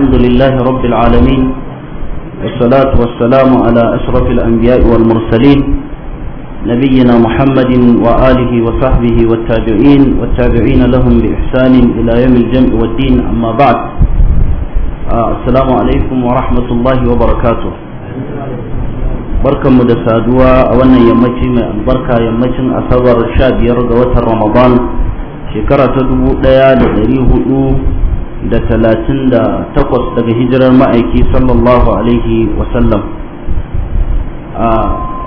الحمد لله رب العالمين والصلاة والسلام على أشرف الأنبياء والمرسلين نبينا محمد وآله وصحبه والتابعين والتابعين لهم بإحسان إلى يوم الجمع والدين أما بعد السلام عليكم ورحمة الله وبركاته barkanmu da saduwa a wannan yammaci mai albarka yammacin asabar sha biyar ga watan ramadan shekara ta dubu ɗaya da ɗari hudu da talatin da takwas daga hijirar ma'aiki sallallahu alaihi wasallam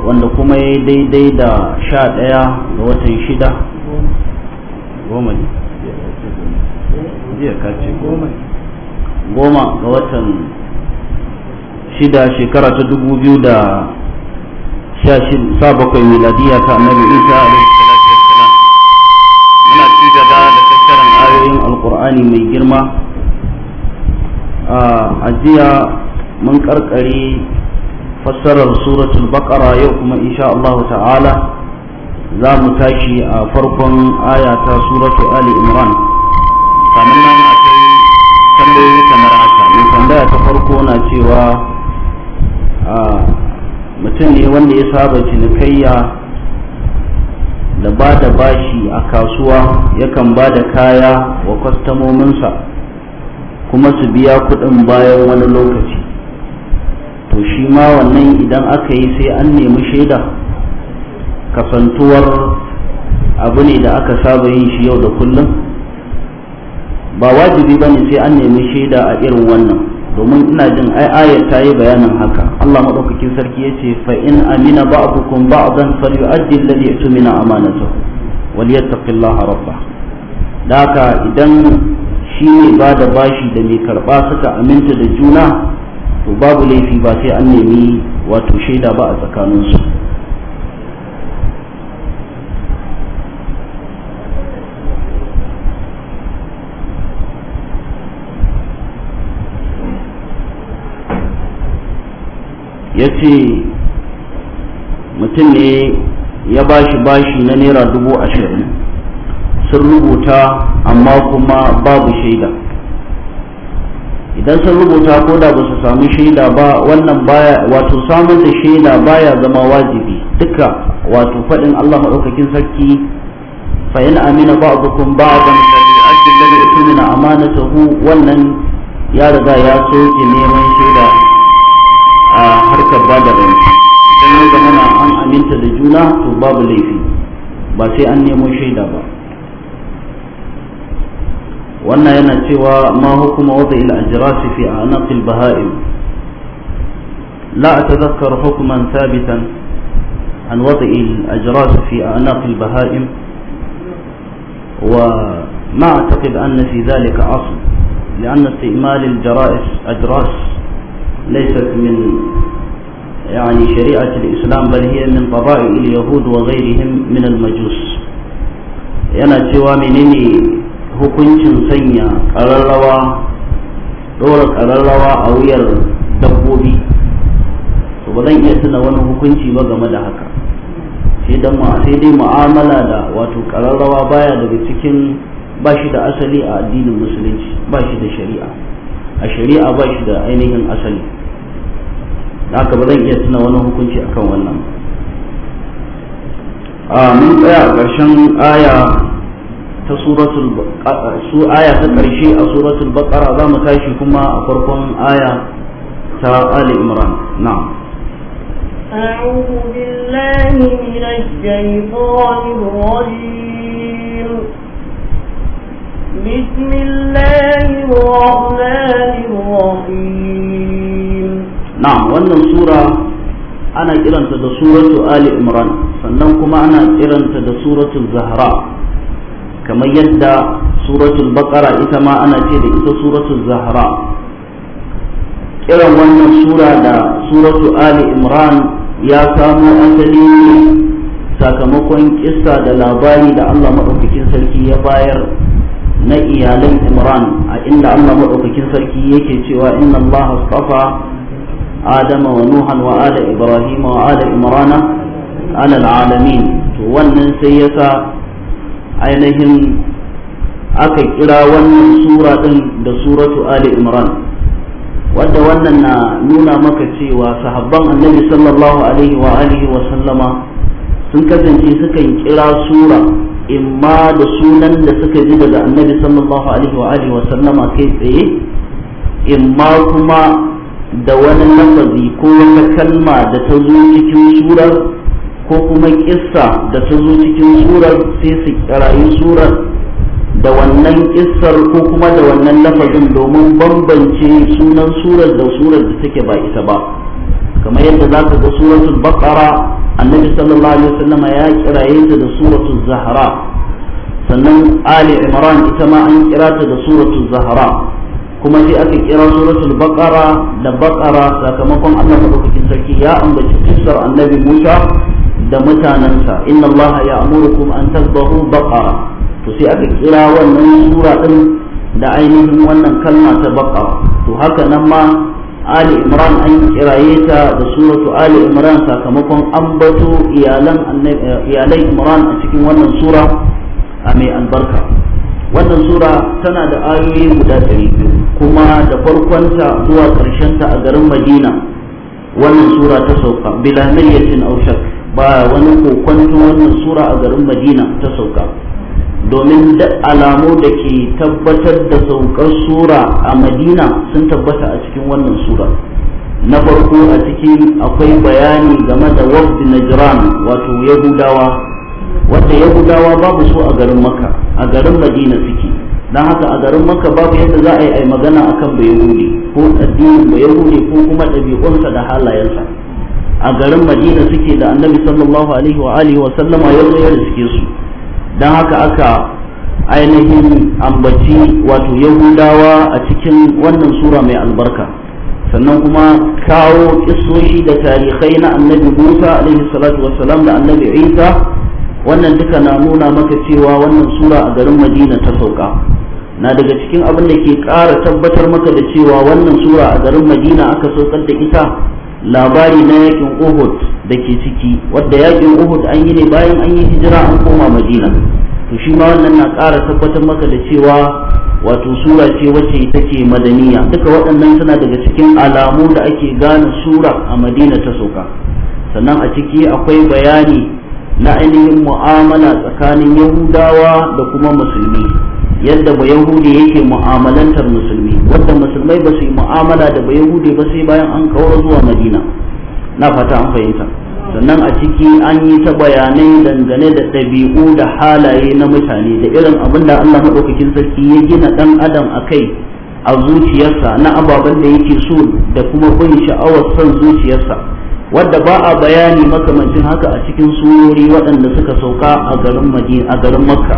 wanda kuma ya daidai da sha ɗaya ga watan shida goma goma ga watan shida shekara ta dubu biyu da sha bakwai miladiya ta annabi isa alaihi muna ci gaba da tattarin ayoyin alkur'ani mai girma a jiya mun karkare fassarar suratul baqara yau kuma insha Allah ta'ala za mu tashi a farkon ayata ta suratul ali imran kamar nan akwai tambayoyi kamar haka Mun tambaya ta farko na cewa mutum ne wanda ya saba cinikayya da ba da bashi a kasuwa yakan ba da kaya wa kwastamominsa kuma su biya kuɗin bayan wani lokaci to shi ma wannan idan aka yi sai an nemi shaida kasantuwar abu ne da aka saba yin shi yau da kullum ba wajibi ba ne sai an nemi shaida a irin wannan domin ina jin ai aya ta yi bayanin haka Allah madaukakin sarki ya ce fa in amina ba'dukum ba'dan falyu'addi alladhi tumina amanatahu walyattaqillaha rabbah da haka idan shi ne ba da bashi da mai karɓa suka aminta da juna to babu laifi ba sai an nemi wato shaida ba a tsakaninsu ya ce mutum ne ya bashi bashi na naira dubu ashirin sun rubuta amma kuma babu shaida idan sun rubuta ko da ba su samu shaida ba wannan baya wato samun da shaida baya zama wajibi duka wato faɗin Allah maɗaukakin sarki fa in amina ba'dukum ba'dan falyu'addi alladhi utmina amanatahu wannan ya riga ya soke neman shaida a harkar bada rance idan ya zama an aminta da juna to babu laifi ba sai an nemo shaida ba wannan yana cewa ma hukuma wadda ila ajirasi fi anaqil baha'im la atadhakkar hukuman thabitan an wadda al-ajras fi anaqil baha'im wa ما أعتقد أن في ذلك أصل لأن استعمال الجرائس أجراس ليست من يعني شريعة الإسلام بل هي من طبائع اليهود وغيرهم من المجوس yana cewa menene hukuncin sanya ƙararrawa ɗora ƙararrawa a wuyar dabbobi to ba zan iya tuna wani hukunci ba game da haka sai dai mu'amala da wato ƙararrawa baya daga cikin ba shi da asali a addinin musulunci ba shi da shari'a a shari'a ba shi da ainihin asali da haka ba zan iya tuna wani hukunci akan wannan a ah, mun tsaya a ƙarshen aya ta suratul su aya ta ƙarshe a suratul baqara za mu tashi kuma a farkon aya ta ali imran Na أعوذ بالله من الشيطان الرجيم بسم الله الرحمن الرحيم نعم wannan sura ana kiranta da suratu ali imran sannan kuma ana kiranta da suratu zahra kamar yadda suratul baqara ita ma ana ce da ita suratul zahra kiran wannan sura da suratul ali imran ya samo asali sakamakon kissa da labari da allah maɗaukakin sarki ya bayar na iyalan imran a inda allah maɗaukakin sarki yake cewa inna allah astafa adama wa nuhan wa ala ibrahima wa ala imrana ala alamin to wannan sai yasa ainihin aka kira wannan sura din da suratu ali imran wadda wannan na nuna maka cewa sahabban annabi sallallahu alaihi wa alihi wa sallama sun kasance sukan kira sura imma da sunan da suka ji daga annabi sallallahu alaihi wa alihi wa sallama kai tsaye imma kuma da wani lafazi ko wata kalma da ta zo cikin surar ko kuma kissa da ta zo cikin surar sai su rayu surar da wannan kissar ko kuma da wannan lafazin domin bambance sunan surar da surar da take ba ita ba kamar yadda za ka ga suratul baqara annabi sallallahu alaihi wasallama ya kiraye ta da suratul zahra sannan ali imran ita ma an kira ta da suratul zahra kuma sai aka kira suratul baqara da baqara sakamakon Allah madaukakin sarki ya ambaci kissar annabi Musa da mutanensa inna allaha kuma an tazbahu baqara to sai aka kira wannan sura din da ainihin wannan kalma ta baqara to haka nan ma ali imran an kiraye ta da suratu ali imran sakamakon ambato iyalan iyalai imran a cikin wannan sura a mai albarka wannan sura tana da ayoyi guda ɗari biyu kuma da farkonta zuwa ta a garin madina wannan sura ta sauka bila milyatin au shak ba wani kokwanto wannan sura a garin madina ta sauka domin da alamu da ke tabbatar da saukar sura a madina sun tabbata a cikin wannan sura na farko a cikin akwai bayani game da na najran wato yahudawa wanda yahudawa babu su a garin maka a garin madina suke don haka a garin maka babu yadda za a yi magana akan bayahudi ko addinin bayahudi ko kuma ɗabi'unsa da halayensa a garin madina suke da annabi sallallahu alaihi wa alihi wa sallama ya zo ya riske su dan haka aka ainihin ambaci wato yahudawa a cikin wannan sura mai albarka sannan kuma kawo kisoshi da tarihai na annabi musa alaihi salatu wa salam da annabi isa wannan duka na nuna maka cewa wannan sura a garin madina ta sauka na daga cikin abin da ke ƙara tabbatar maka da cewa wannan sura a garin madina aka saukar da ita labari na yakin uhud da ke ciki wadda yakin uhud an yi ne bayan an yi hijira an koma madina to shi ma wannan na ƙara tabbatar maka da cewa wato sura ce wacce take madaniya duka waɗannan suna daga cikin alamu da ake gane sura a madina ta soka sannan a ciki akwai bayani na ainihin mu'amala tsakanin yahudawa da kuma musulmi yadda ba yahudi yake mu'amalantar musulmi wanda musulmai ba su yi mu'amala da bai hude ba sai bayan an kawo zuwa madina na fata an fahimta sannan a ciki an yi ta bayanai dangane da ɗabi'u da halaye na mutane da irin abin da allah maɗaukakin sarki ya gina ɗan adam a kai a zuciyarsa na ababen da yake so da kuma bin sha'awar son zuciyarsa wadda ba a bayani makamancin haka a cikin surori waɗanda suka sauka a garin makka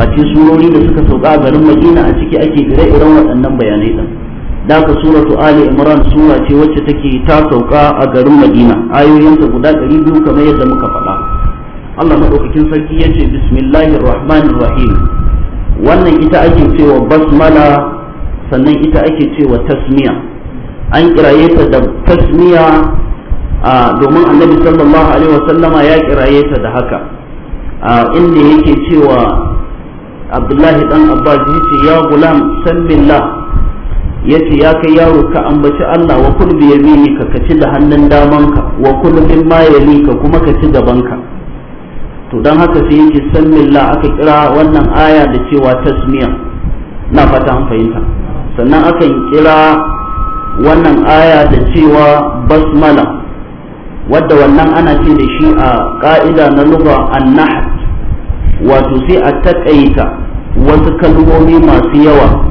face surori da suka sauka a garin madina a ciki ake ire-iren waɗannan bayanai ɗin da ka suratu ali imran sura ce wacce take ta sauka a garin madina ayoyinta guda ɗari biyu kamar yadda muka faɗa allah maɗaukakin sarki ya ce bismillahir rahmanir rahim wannan ita ake cewa basmala sannan ita ake cewa tasmiya an kiraye ta da tasmiya domin annabi sallallahu alaihi wasallama ya kiraye ta da haka inda yake cewa abdullahi dan abbas yace ya gulam sallillah yace ya kai yaro ka ambaci Allah wa kul bi yaminika ka kaci da hannun damanka wa kul mimma yalika kuma ka ci gabanka to dan haka sai yace sallillah aka kira wannan aya da cewa tasmiya na fata an fahimta sannan akan kira wannan aya da cewa basmala wadda wannan ana ce da shi a ka'ida na lugha an-nahd wato sai a taƙaita wasu kalmomi masu yawa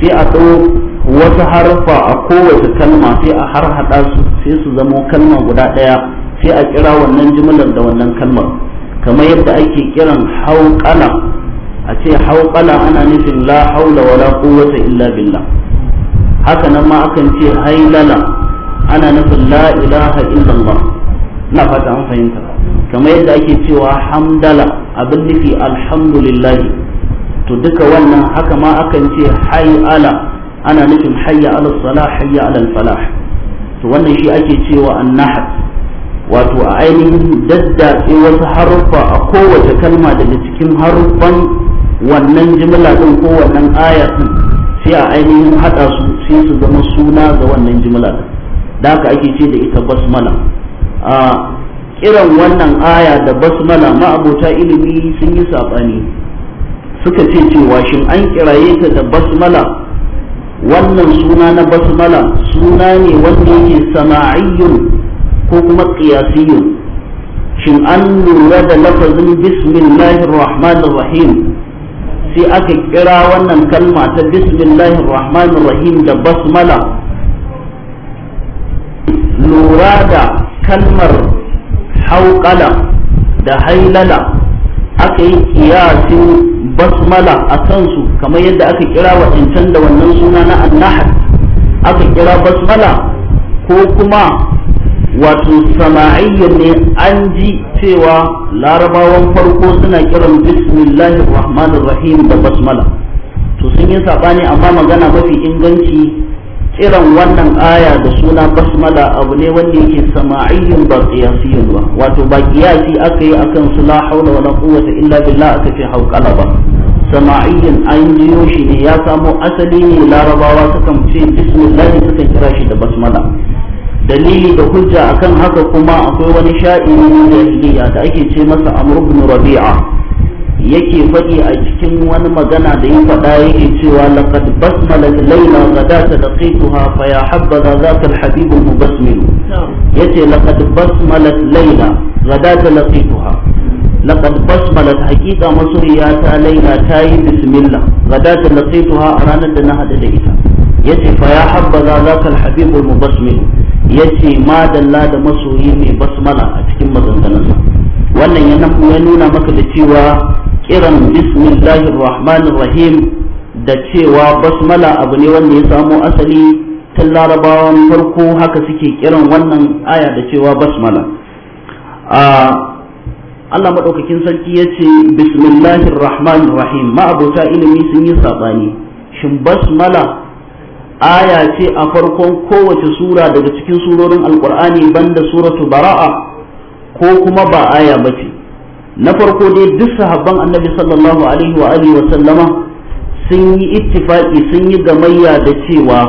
sai a ɗau wasu harfa a kowace kalma sai a har haɗa su sai su zama kalma guda ɗaya sai a kira wannan jimlar da wannan kalmar kamar yadda ake kiran hauƙala a ce hauƙala ana nufin la haula wala quwwata illa billah haka nan ma akan ce hailala ana nufin la ilaha illallah na fata an fahimta kamar yadda ake cewa hamdala abin nufi alhamdulillah to duka wannan haka ma akan ce hayy ala ana nufin hayya ala salah hayya ala falah to wannan shi ake cewa annahar wato a ainihin daddatse wasu haruffa a kowace kalma daga cikin haruffan wannan jimla din ko wannan aya din sai a ainihin hada su sai su zama suna ga wannan jimla din da haka ake ce da ita basmala a kiran wannan aya da basmala ma'abota ilimi sun yi saɓani suka ce cewa shin an kiraye ta da basmala wannan suna na basmala suna ne wanda yake sama'iyyun ko kuma qiyasiyyun shin an lura da lafazin bismillahir rahmanir rahim sai aka kira wannan kalma ta bismillahir rahmanir rahim da basmala lura da kalmar hauƙala da hailala aka yi kiyasin basmala a kansu kamar yadda aka kira waɗancan da wannan suna na annahar aka kira basmala ko kuma wato sama'iyyar ne an ji cewa larabawan farko suna kiran bismillahi rahim da basmala to sun yi saɓani amma magana mafi inganci irin wannan aya da suna basmala abu ne wanda yake sama'iyyun ba qiyasiyun ba wato ba qiyasi aka yi akan su la haula wala quwwata illa billah aka ce haukala ba sama'iyyin an jiyo shi ne ya samo asali ne larabawa sukan ce bismillah suka kira shi da basmala dalili da hujja akan haka kuma akwai wani sha'ini ne da ake ce masa amr ibn rabi'a yake faɗi a cikin wani magana da ya faɗa yake cewa laqad basmalat layla ghadata laqituha fa ya habbaza zaka alhabib mubasmil yace laqad basmalat layla ghadata laqituha laqad basmalat haqiqa masuriya ta layla ta yi bismillah ghadata laqituha a ranar da na hada da ita yace fa ya habbaza zaka alhabib mubasmil yace ma dalla da masoyi mai basmala a cikin maganganunsa wannan ya nuna maka da cewa kiran bismillahir rahmanir rahim da cewa basmala abu ne wanda ya samo asali tun larabawan farko haka suke kiran wannan aya da cewa basmala Allah maɗaukakin sarki ya ce bismillahir rahmanir rahim ma'abota ilimi sun yi saɓani shin basmala aya ce a farkon kowace sura daga cikin surorin alkur'ani banda suratu bara'a ko kuma ba aya ba ce na farko dai duk sahabban annabi sallallahu alaihi wa alihi wa sallama sun yi ittifaki sun yi gamayya da cewa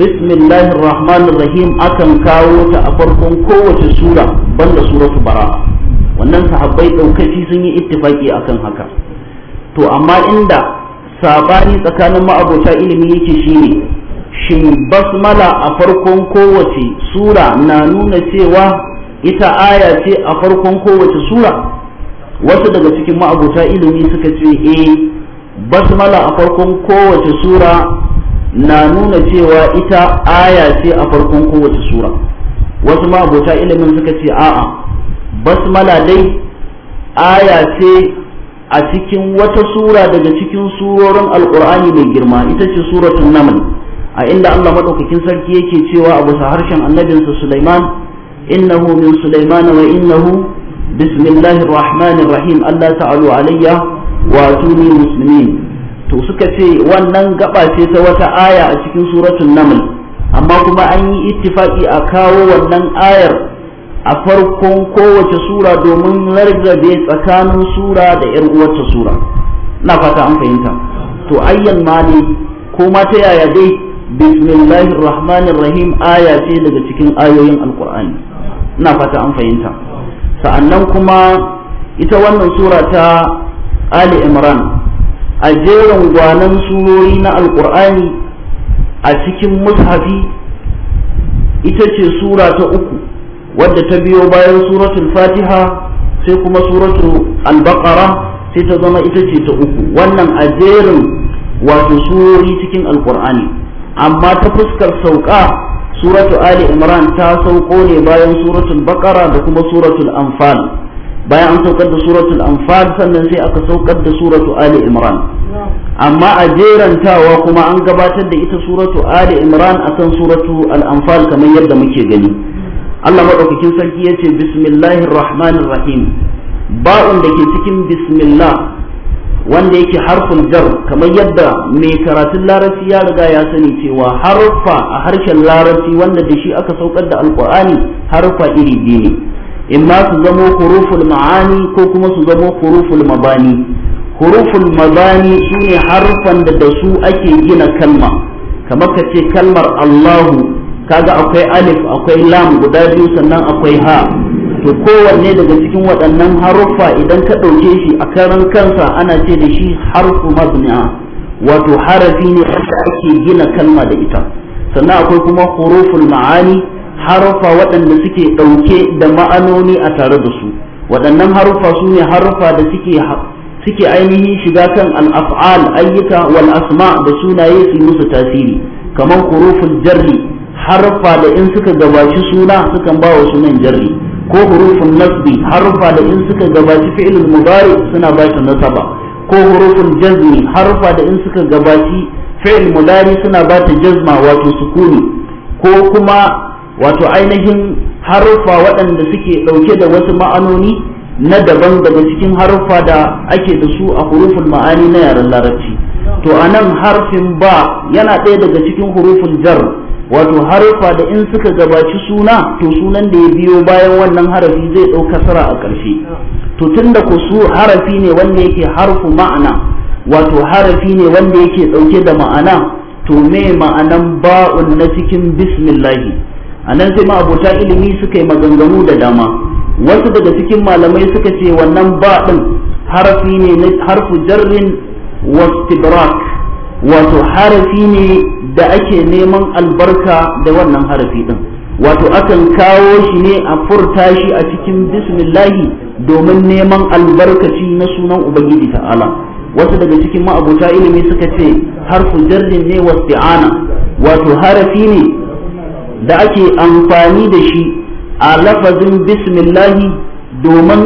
bismillahir rahmanir rahim akan kawo ta a farkon kowace sura banda suratu bara wannan sahabbai daukaci sun yi ittifaki akan haka to amma inda sabani tsakanin ma'abota ilimi yake shine shin basmala a farkon kowace sura na nuna cewa ita aya ce a farkon kowace sura wasu daga cikin ma'abuta ilimi suka ce e basmala a farkon kowace sura na nuna cewa ita aya ce a farkon kowace sura wasu ma'abuta ilimin suka ce a'a basmala dai aya ce a cikin wata sura daga cikin surorin alkur'ani mai girma ita ce suratun naml a inda Allah maɗaukakin sarki yake cewa abu sa harshen annabinsa suleiman. إنه من سليمان وإنه بسم الله الرحمن الرحيم ألا تعلوا علي وأتوني مسلمين to suka ce wannan gaba ce ta wata aya a cikin suratul naml amma kuma an yi ittifaki a kawo wannan ayar a farkon kowace sura domin rarrabe tsakanin sura da ‘yan uwarta sura na fata an fahimta to ayyan ma ne ko ma ta yaya dai bismillahir rahmanir rahim aya ce daga cikin ayoyin alkur'ani ina fata an fahimta sa'annan kuma ita wannan sura ta ali imran a jerin gwanan surori na alkur'ani a cikin mushafi ita ce sura ta uku wadda ta biyo bayan suratul fatiha sai kuma suratul albaqara sai ta zama ita ce ta uku wannan a jerin wato surori cikin alkur'ani amma ta fuskar sauka suratu ali imran ta sauko ne bayan suratul baqara da kuma suratul anfal bayan an saukar da suratul anfal sannan sai aka saukar da suratu ali imran amma a jerantawa kuma an gabatar da ita suratu ali imran akan suratu al-anfal kamar yadda muke gani Allah madaukakin sarki yace bismillahir rahmanir rahim ba'un da ke cikin bismillah wanda yake harfin jar kamar yadda mai karatun larabci ya riga ya sani cewa haruffa a harshen larabci wanda da shi aka saukar da alkur'ani harfa iri biyu ne ma su zamo huruful ma'ani ko kuma su zamo huruful mabani huruful mabani shine harfan da da su ake gina kalma kamar ka ce kalmar allahu kaga akwai alif akwai lam guda biyu sannan akwai ha to kowanne daga cikin waɗannan haruffa idan ka ɗauke shi a karan kansa ana ce da shi harfu mabni'a wato harafi ne wanda ake gina kalma da ita sannan akwai kuma huruful ma'ani haruffa waɗanda suke ɗauke da ma'anoni a tare da su waɗannan haruffa su ne haruffa da suke suke ainihin shiga kan al'af'al ayyuka wal asma da sunaye su musu tasiri kamar huruful jarri harfa da in suka gabaci suna sukan ba wa sunan jarri ko hurufin nasbi harfa da in suka gabaci fi'ilul mudari suna ba shi nasaba ko hurufin jazmi harfa da in suka gabaci fi'il mudari suna ba ta jazma wato sukuni ko kuma wato ainihin harfa waɗanda suke ɗauke da wasu ma'anoni na daban daga cikin harfa da ake da su a hurufin ma'ani na yaren larabci to anan harfin ba yana ɗaya daga cikin hurufin jar wato harufa da in suka gabaci suna to sunan da ya biyo bayan wannan harafi zai ɗauka sara a ƙarshe to tunda ku su harafi ne wanda yake harfu ma'ana wato harafi ne wanda yake ɗauke da ma'ana to me ma'anan ba'un na cikin bismillahi a nan sai abota ilimi suka yi maganganu da dama wasu daga cikin malamai suka ce wannan ba ɗin harafi ne harfu jarrin wastibrak wato harafi ne da ake neman albarka da wannan harafi din wato akan kawo shi ne a furta shi a cikin bismillahi domin neman albarkaci na sunan ubangiji ta'ala wasu daga cikin ma'abuta ilimi suka ce harfu jarrin ne wasti'ana wato harafi ne da ake amfani da shi a lafazin bismillahi domin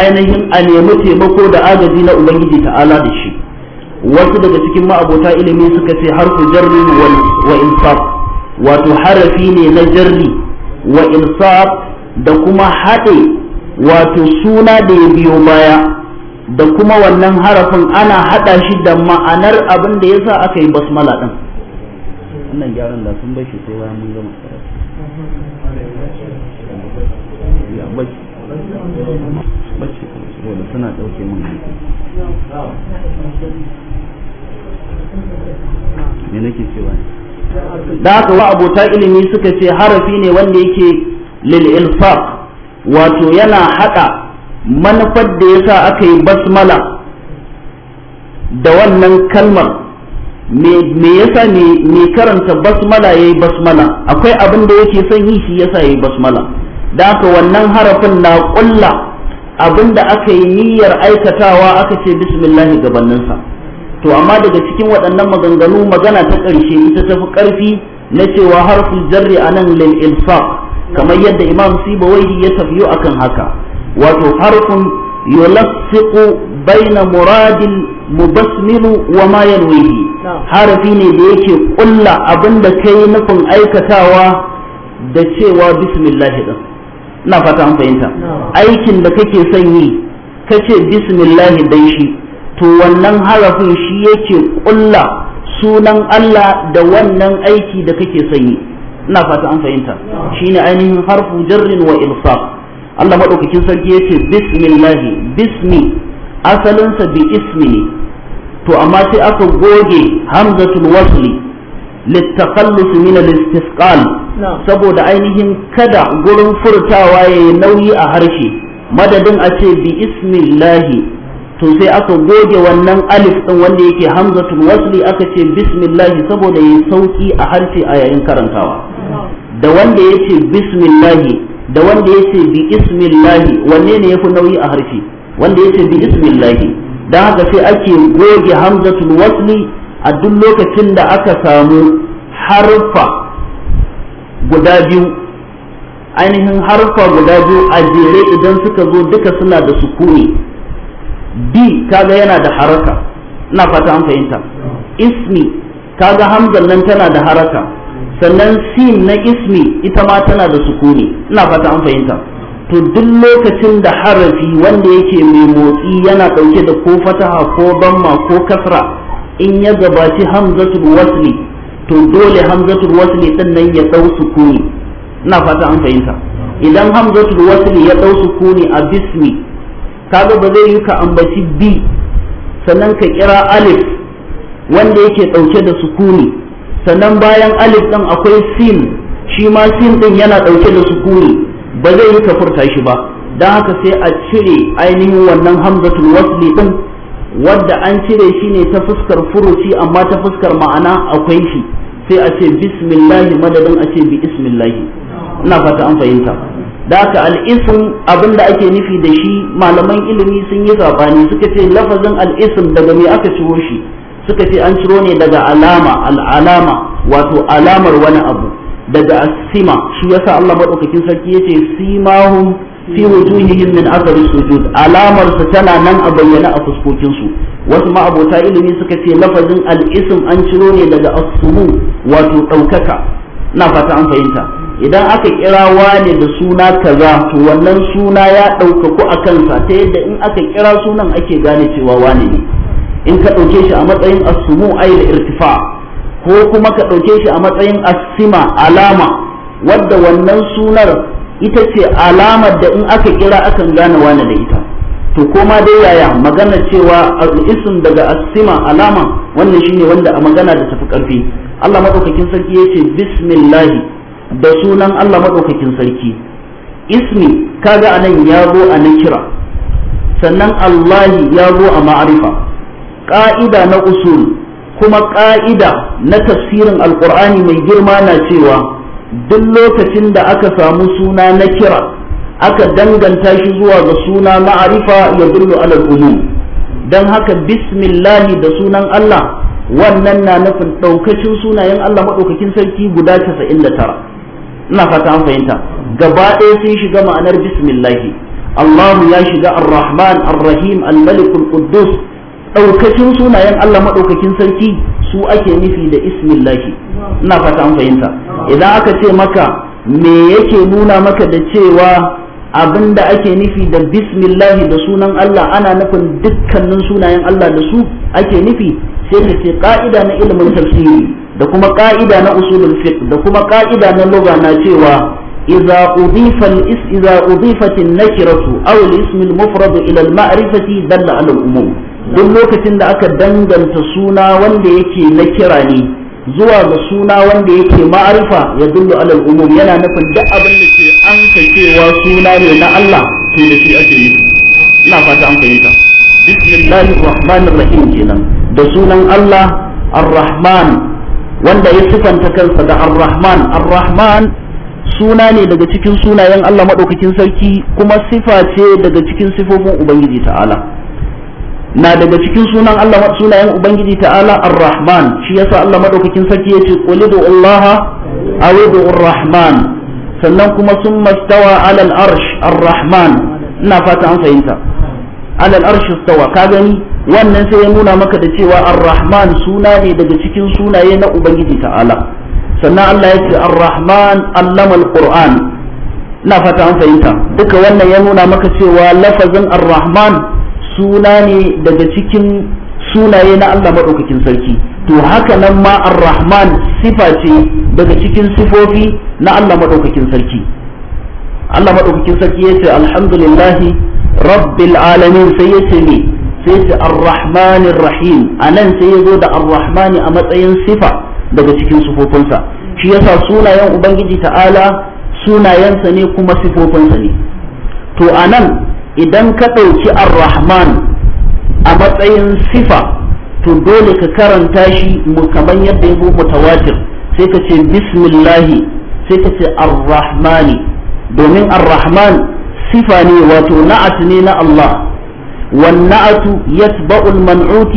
ainihin a nemi taimako da agaji na ubangiji ta'ala da shi wasu daga cikin ma'abota ilimi suka ce harfu jarri wa insaf wato harafi ne na jarri wa insaf da kuma haɗe wato suna da ya biyo baya da kuma wannan harafin ana haɗa shi da ma'anar abin da ya sa aka yi basmala ɗin wannan gyaran da sun bashi sai bayan mun gama me nake cewa da haka wa abota ilimi suka ce harafi ne wanda yake lil ilfaq wato yana haɗa manufar da yasa aka yi basmala da wannan kalmar me yasa me karanta basmala yayi basmala akwai abin da yake son yi shi yasa yayi basmala da haka wannan harafin na ƙulla abinda da aka yi niyyar aikatawa aka ce bismillah gabaninsa to amma daga cikin waɗannan maganganu magana ta ƙarshe ita tafi ƙarfi na cewa harfin jarri a nan lil kamar yadda imam sibawaihi ya tafiyo akan haka wato harfin yulassiqu baina muradil mubasmilu wa ma yanwihi harafi ne da yake kulla abinda kai nufin aikatawa da cewa bismillah din ina fata an fahimta aikin da kake son yi kace bismillah dan shi to wannan harafin shi yake kulla sunan Allah da wannan aiki da kake sanyi ina fata an fahimta shine ainihin harfu jarrin wa ilsaq Allah madaukakin sarki yace bismillah bismi asalin sa bi ismi ne to amma sai aka goge hamzatul wasli للتقلص من الاستثقال saboda ainihin kada gurin furtawa yayi nauyi a harshe madadin a ce bi ismillahi to sai aka goge wannan alif din wanda yake hamzatul wasli aka ce bismillah saboda yayi sauki a harfi a yayin karantawa da wanda yace bismillah da wanda yace bi ismillah wanne ne yafi nauyi a harfi wanda yace bi ismillah dan haka sai ake goge hamzatul wasli a duk lokacin da aka samu harfa guda biyu ainihin harfa guda biyu a jere idan suka zo duka suna da sukuni b kaga yana da haraka ina fata an fahimta ismi kaga hamzan nan tana da haraka sannan sin na ismi ita ma tana da sukuni ina fata an fahimta to duk lokacin da harafi wanda yake mai motsi yana ɗauke da ko fataha ko bamma ko kasra in ya gabaci hamzatul wasli to dole hamzatul wasli din nan ya dau sukuni ina fata an fahimta idan hamzatul wasli ya dau sukuni a bismi kaga ba zai yi ka ambaci b sannan ka kira alif wanda yake ɗauke da sukuni sannan bayan alif ɗin akwai sin shi ma sin ɗin yana ɗauke da sukuni ba zai yi ka furta shi ba don haka sai a cire ainihin wannan hamzatul wasli ɗin wadda an cire shi ne ta fuskar furuci amma ta fuskar ma'ana akwai shi sai a ce bismillahi madadin a ce bi ismillahi ina fata an fahimta daka haka al'isim abin da ake nufi da shi malaman ilimi sun yi sabani suka ce lafazin al'isim daga me aka ciro shi suka ce an ciro ne daga alama al'alama wato alamar wani abu daga asima shi yasa Allah madaukakin sarki yace simahum fi wujuhihim min athari sujud alamar su tana nan a bayyana a fuskokin su wasu ma'abota ilimi suka ce lafazin al'isim an ciro ne daga as wato daukaka na fata an fahimta idan aka kira wani da suna kaza to wannan suna ya ɗaukaku a kansa ta yadda in aka kira sunan ake gane cewa wani ne in ka ɗauke shi a matsayin asumu ayil irtifa ko kuma ka ɗauke shi a matsayin asima alama wadda wannan sunar ita ce alamar da in aka kira akan gane wani da ita to koma dai yaya magana cewa isim daga asima alama wannan shine wanda a magana da tafi ƙarfi Allah maɗaukakin sarki ya ce bismillahi da sunan Allah maɗaukakin sarki ismi kaga anan ya zo a nakira sannan Allahi ya zo a ma'arifa ƙa'ida na usul kuma ƙa'ida na tafsirin alƙur'ani mai girma na cewa duk lokacin da aka samu suna na kira aka danganta shi zuwa ga suna ma'arifa ya dullu alal umum don haka bismillahi da sunan Allah wannan na nufin ɗaukacin sunayen Allah maɗaukakin sarki guda 99 ina fata an fahimta gaba ɗaya sun shiga ma'anar bismillahi Allahu ya shiga ar-rahman ar-rahim al-malik quddus daukacin sunayen Allah madaukakin sarki su ake nufi da ismillahi ina fata an fahimta idan aka ce maka me yake nuna maka da cewa abinda ake nufi da bismillahi da sunan Allah ana nufin dukkanin sunayen Allah da su ake nufi sai ka ce ka'ida na ilimin tafsiri da kuma ka'ida na usulul fiqh da kuma ka'ida na lugha na cewa idza udifa al-is idza udifat an-nakiratu aw al-ism al-mufrad ila al-ma'rifati dalla ala al-umum duk lokacin da aka danganta suna wanda yake nakira ne zuwa ga suna wanda yake ma'arifa ya dullu ala al-umum yana nufin duk abin da ke an ka kakewa suna ne na Allah to da shi ake yi ina fata an fahimta bismillahir rahmanir rahim kenan da sunan Allah ar-rahman wanda ya sifanta kansa da ar-rahman ar-rahman suna ne daga cikin sunayen Allah madaukakin sarki kuma sifa ce daga cikin sifofin ubangiji ta'ala na daga cikin sunan Allah sunayen ubangiji ta'ala ar-rahman shi yasa Allah madaukakin sarki yace qul Allah aw ar-rahman sannan kuma sun mastawa 'ala al-arsh ar-rahman ina fata an fahimta 'ala al-arsh istawa ka gani wannan sai ya nuna maka da cewa ar-rahman suna ne daga cikin sunaye na ubangiji ta'ala sannan Allah ya ce ar-rahman allama al-qur'an ina fata an fahimta duka wannan ya nuna maka cewa lafazin ar-rahman suna ne daga cikin sunaye na Allah madaukakin sarki to haka nan ma ar-rahman sifa ce daga cikin sifofi na Allah madaukakin sarki Allah madaukakin sarki ya ce alhamdulillahi rabbil alamin sai ya ce ne sai ce ar-rahmanir rahim anan sai ya zo da ar a matsayin sifa daga cikin sufofinsa shi yasa sunayen ubangiji ta'ala sunayensa ne kuma sifofinsa ne to anan idan ka ɗauki ar a matsayin sifa to dole ka karanta shi mu kaman yadda ya zo mutawatir sai ka ce bismillahi sai ka ce ar-rahmani domin ar sifa ne wato na'at ne na Allah والنعت يتبع المنعوت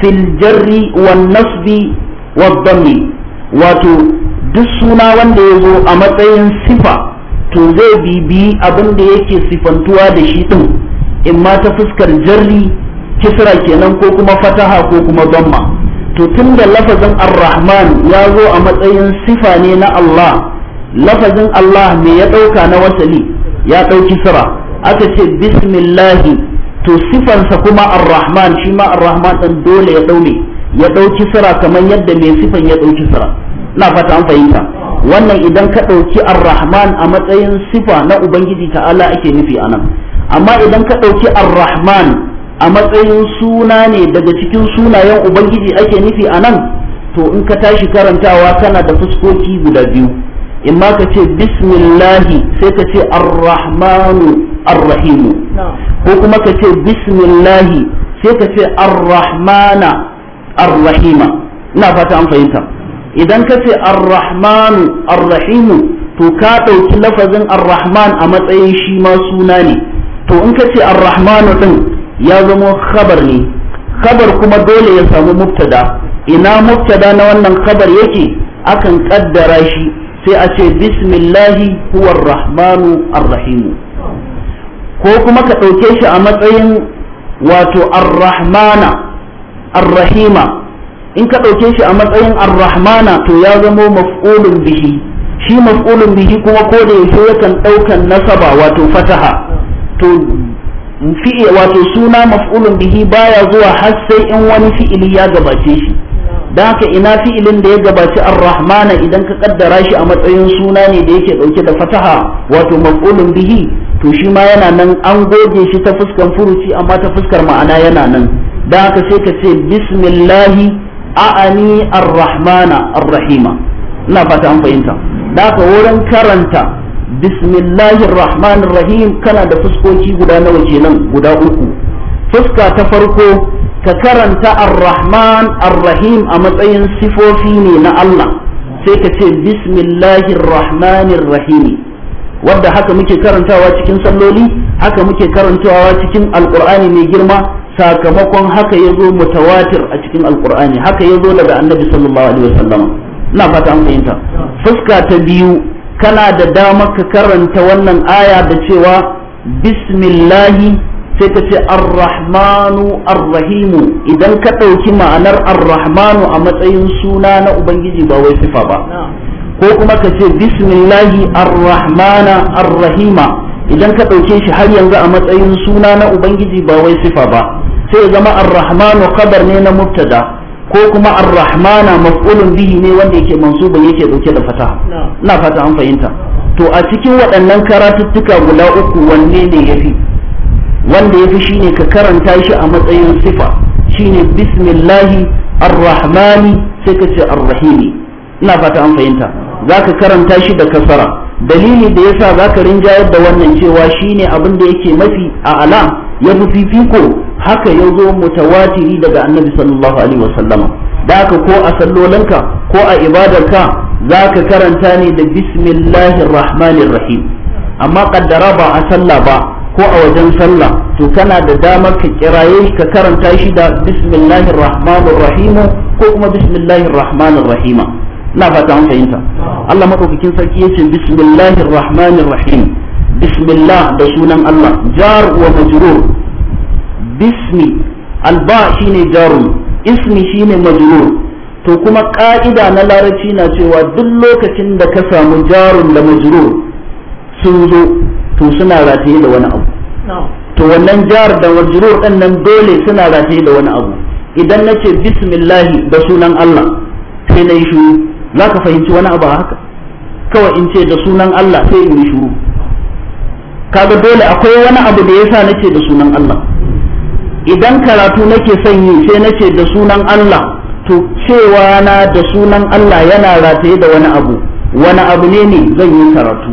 في الجر والنصب والضم wato duk suna wanda ya zo a matsayin sifa to zai bibi abin da yake sifantuwa da shi ɗin in ma ta fuskar jarri kisra kenan ko kuma fataha ko kuma bamma to tun da lafazin ar-rahman ya zo a matsayin sifa ne na Allah lafazin Allah me ya ɗauka na wasali ya ɗauki sira aka ce bismillahi to sa kuma ar-rahman shi ma ar-rahman dan dole ya ɗaune ya ɗauki sira kamar yadda mai sifan ya ɗauki sira na fata an fahimta wannan idan ka ɗauki ar-rahman a matsayin sifa na ubangiji ta'ala ake nufi anan amma idan ka ɗauki ar-rahman a matsayin suna ne daga cikin sunayen ubangiji ake nufi anan to in ka tashi karantawa kana da fuskoki guda biyu in ma ka ce bismillahi sai ka ce ar-rahmanu ar-rahimu ko kuma ka ce bismillahi sai ka ce arrahmana arrahima ina fata an fahimta idan ka ce arrahmanu arrahimu to ka ɗauki lafazin arrahman a matsayin shi ma suna ne to in ka ce arrahmanu ɗin ya zama khabar ne khabar kuma dole ya samu mubtada ina mubtada na wannan khabar yake akan kaddara shi sai a ce bismillahi huwar rahmanu arrahimu ko kuma ka ɗauke shi a matsayin wato arrahmana arrahima in ka ɗauke shi a matsayin arrahmana to ya zamo maf'ulun bihi shi maf'ulun bihi kuma ko da yaushe yakan ɗaukan nasaba wato fataha to fi'i wato suna maf'ulun bihi baya zuwa har sai in wani fi'ili ya gabace shi da haka ina fi'ilin da ya gabaci arrahmana idan ka kaddara shi a matsayin suna ne da yake ɗauke da fataha wato maf'ulun bihi to shi ma yana nan an goge shi ta fuskar furuci amma ta fuskar ma'ana yana nan don haka sai ka ce bismillahi a'ani arrahmana arrahima ina fata an fahimta da haka wurin karanta bismillahi arrahmana arrahim kana da fuskoki guda nawa kenan guda uku fuska ta farko ka karanta arrahman arrahim a matsayin sifofi ne na Allah sai ka ce bismillahi arrahim wanda haka muke karantawa cikin salloli haka muke karantawa cikin al'kur'ani mai girma sakamakon haka yazo mutawatir a cikin al'kur'ani haka yazo daga annabi sallallahu alaihi wasallam ina fata an fahimta fuska ta biyu kana da damar ka karanta wannan aya da cewa bismillahi sai ka ce arrahmanu arrahimu idan ka ɗauki ma'anar arrahmanu a matsayin suna na ubangiji ba wai sifa ba ko kuma ka ce bismillahi arrahmana arrahima idan ka ɗauke shi har yanzu a matsayin suna na ubangiji ba wai sifa ba sai ya zama arrahmanu ne na mubtada ko kuma arrahmana maf'ulun bihi ne wanda yake mansuban yake ɗauke da fata ina fata an fahimta to a cikin waɗannan karatuttuka guda uku wanne ne yafi wanda yafi shine ka karanta shi a matsayin sifa shine bismillahi arrahmani sai ka ce arrahimi ina fata an fahimta za ka karanta shi da kasara dalili da yasa ka rinjayar da wannan cewa shine abin da yake mafi a ala ya fi fifiko haka ya zo mutawatiri daga annabi sallallahu alaihi wasallam ko a sallolanka ko a ibadarka zaka karanta ne da bismillahir amma kaddara ba a sallah ba ko a wajen sallah to kana da damar ka kiraye ka karanta shi da bismillahir ko kuma bismillahir ina fata an fahimta Allah madaukakin sarki yace bismillahir rahmanir rahim bismillah da sunan Allah jar wa majrur bismi alba shine jarun ismi shine majrur to kuma ka'ida na larabci na cewa duk lokacin da ka samu jarum da majrur sun zo to suna rataye da wani abu to wannan jar da majrur din nan dole suna rataye da wani abu idan nace bismillah da sunan Allah sai na yi shiru za ka fahimci wani abu haka kawai in ce da sunan Allah sai in shuru kaga dole akwai wani abu da yasa nace da sunan Allah idan karatu nake son yi sai nace da sunan Allah to cewa na da sunan Allah yana rataye da wani abu wani abu ne ne zan yi karatu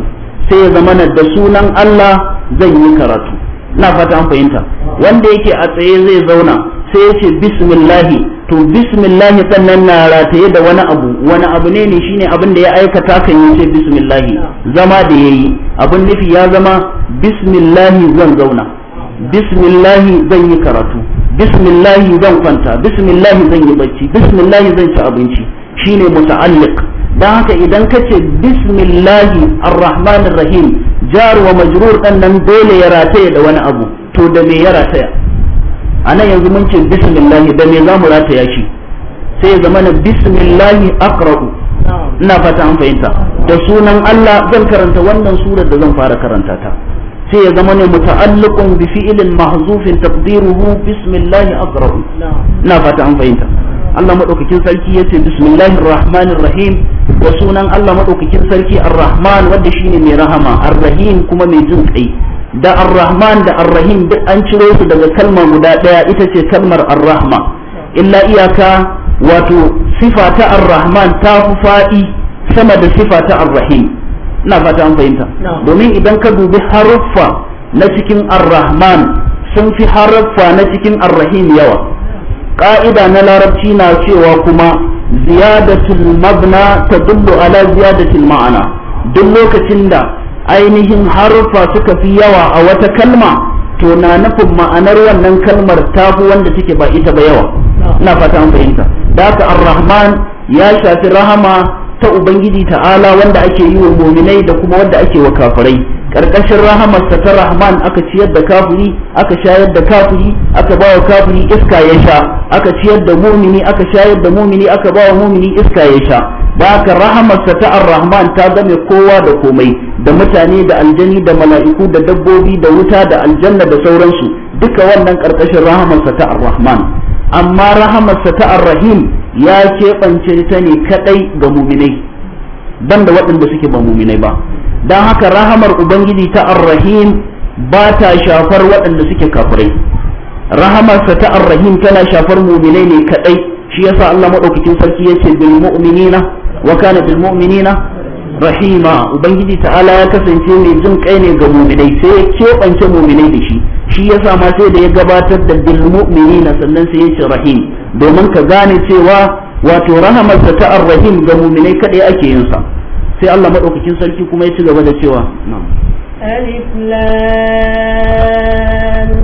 sai ya zama da sunan Allah zan yi karatu na fata an fahimta wanda yake a tsaye zai zauna sai ya ce bismillahi to bismillahi sannan na rataye da wani abu wani abu ne ne shine abin da ya aikata kan yi ce bismillahi zama da yayi abin nufi ya zama bismillahi zan zauna bismillahi zan yi karatu bismillahi zan kwanta bismillahi zan yi bacci bismillahi zan ci abinci shine muta'alliq dan haka idan ka ce bismillahi arrahmanir rahim jar wa majrur dan nan dole ya rataye da wani abu to da me ya rataya anan yanzu mun ce bismillah da me zamu rataya shi sai ya zama na bismillah aqra'u ina fata an fahimta da sunan Allah zan karanta wannan surar da zan fara karanta ta sai ya zama ne muta'alliqun bi fi'lin mahzufin taqdiruhu bismillah aqra'u ina fata an fahimta Allah madaukakin sarki yace bismillahir rahmanir rahim da sunan Allah madaukakin sarki ar-rahman wanda shine mai rahama ar-rahim kuma mai jin kai da arrahman da arrahim duk an ciro su daga kalma guda ɗaya ita ce kalmar arrahma illa iyaka wato sifa ta ta fi faɗi sama da sifa ta ar ina fata an fahimta domin idan ka dubi haruffa na cikin arrahman sun fi haruffa na cikin arrahim yawa ƙa'ida na larabci na cewa kuma ziyadatul mabna tadullu ala ziyadatul ma'ana duk lokacin da ainihin harufa suka fi yawa a wata kalma to na nufin ma'anar wannan kalmar tafi wanda take ba ita ba yawa ina fata an fahimta da haka ar-rahman ya shafi rahama ta ubangiji ta'ala wanda ake yi wa muminai da kuma wanda ake wa kafirai karkashin rahamar ta rahman aka ciyar da kafiri aka shayar da kafiri aka bawa kafiri iska ya sha aka ciyar da mumini aka shayar da mumini aka bawa mumini iska ya sha baka ka rahamarsa ta arrahman ta game kowa da komai da mutane da aljani da mala'iku da dabbobi da wuta da aljanna da sauransu duka wannan karkashin rahamarsa ta arrahman rahman amma rahamarsa ta arrahim rahim ya keɓance ta ne kadai ga muminai ban da waɗanda suke ba muminai ba don haka rahamar ubangiji ta arrahim ba ta shafar waɗanda suke kafirai rahamarsa ta arrahim tana shafar muminai ne kadai shi yasa Allah madaukakin sarki yace bil mu'minina wa kana bil rahima ubangiji ta'ala ya kasance mai jin kai ne ga mu'minai sai ya keɓance mu'minai da shi shi yasa ma sai da ya gabatar da bil sannan sai ya ci rahim domin ka gane cewa wato rahamar ta ta arrahim ga mu'minai kadai ake yinsa sa sai Allah madaukakin sarki kuma ya ci gaba da cewa alif lam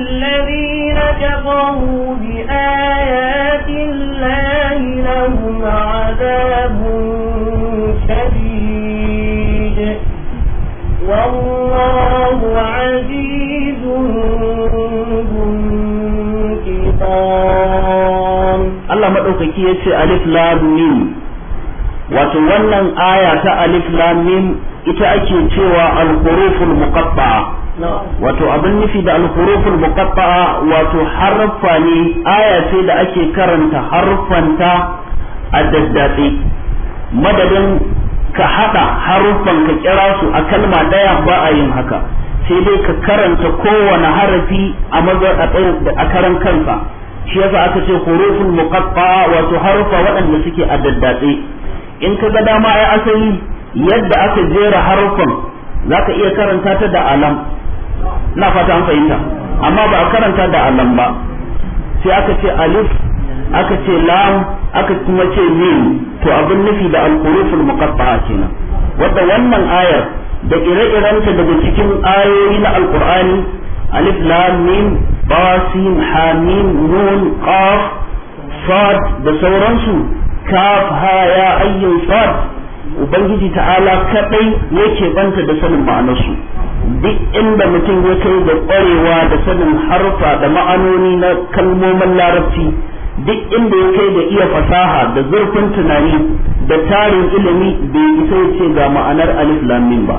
الذين كفروا بآيات الله لهم عذاب شديد والله عزيز ذو انتقام الله مدوكي يتي ألف لام ميم وتولى آية ألف لام ميم ita ake cewa al-huruful muqatta'a wato abin nufi da al-huruful muqatta'a wato harfa ne aya ce da ake karanta harfanta a daddatse madadin ka haɗa harfan ka kira su a kalma daya ba a yin haka sai dai ka karanta kowane harafi a a karan kansa shi yasa aka ce huruful muqatta'a wato harfa waɗanda suke a daddatse in ka ga dama ai asali yadda aka jera harufan zaka iya karanta ta da alam na fata an fahimta amma ba a karanta da alam ba sai aka ce alif aka ce lam aka kuma ce mim to abin nufi da al-huruful muqatta'a kenan wanda wannan ayar da ire ta daga cikin ayoyi na alqur'ani alif lam mim ba sin ha mim nun qaf sad da sauransu kaf ha ya ayyun sad ubangiji ta'ala kadai yake banta da sanin ma'anarsu duk inda mutum ya kai da ƙwarewa da sanin harfa da ma'anoni na kalmomin larabci duk inda ya kai da iya fasaha da zurfin tunani da tarin ilimi bai isa ce ga ma'anar alif lamin ba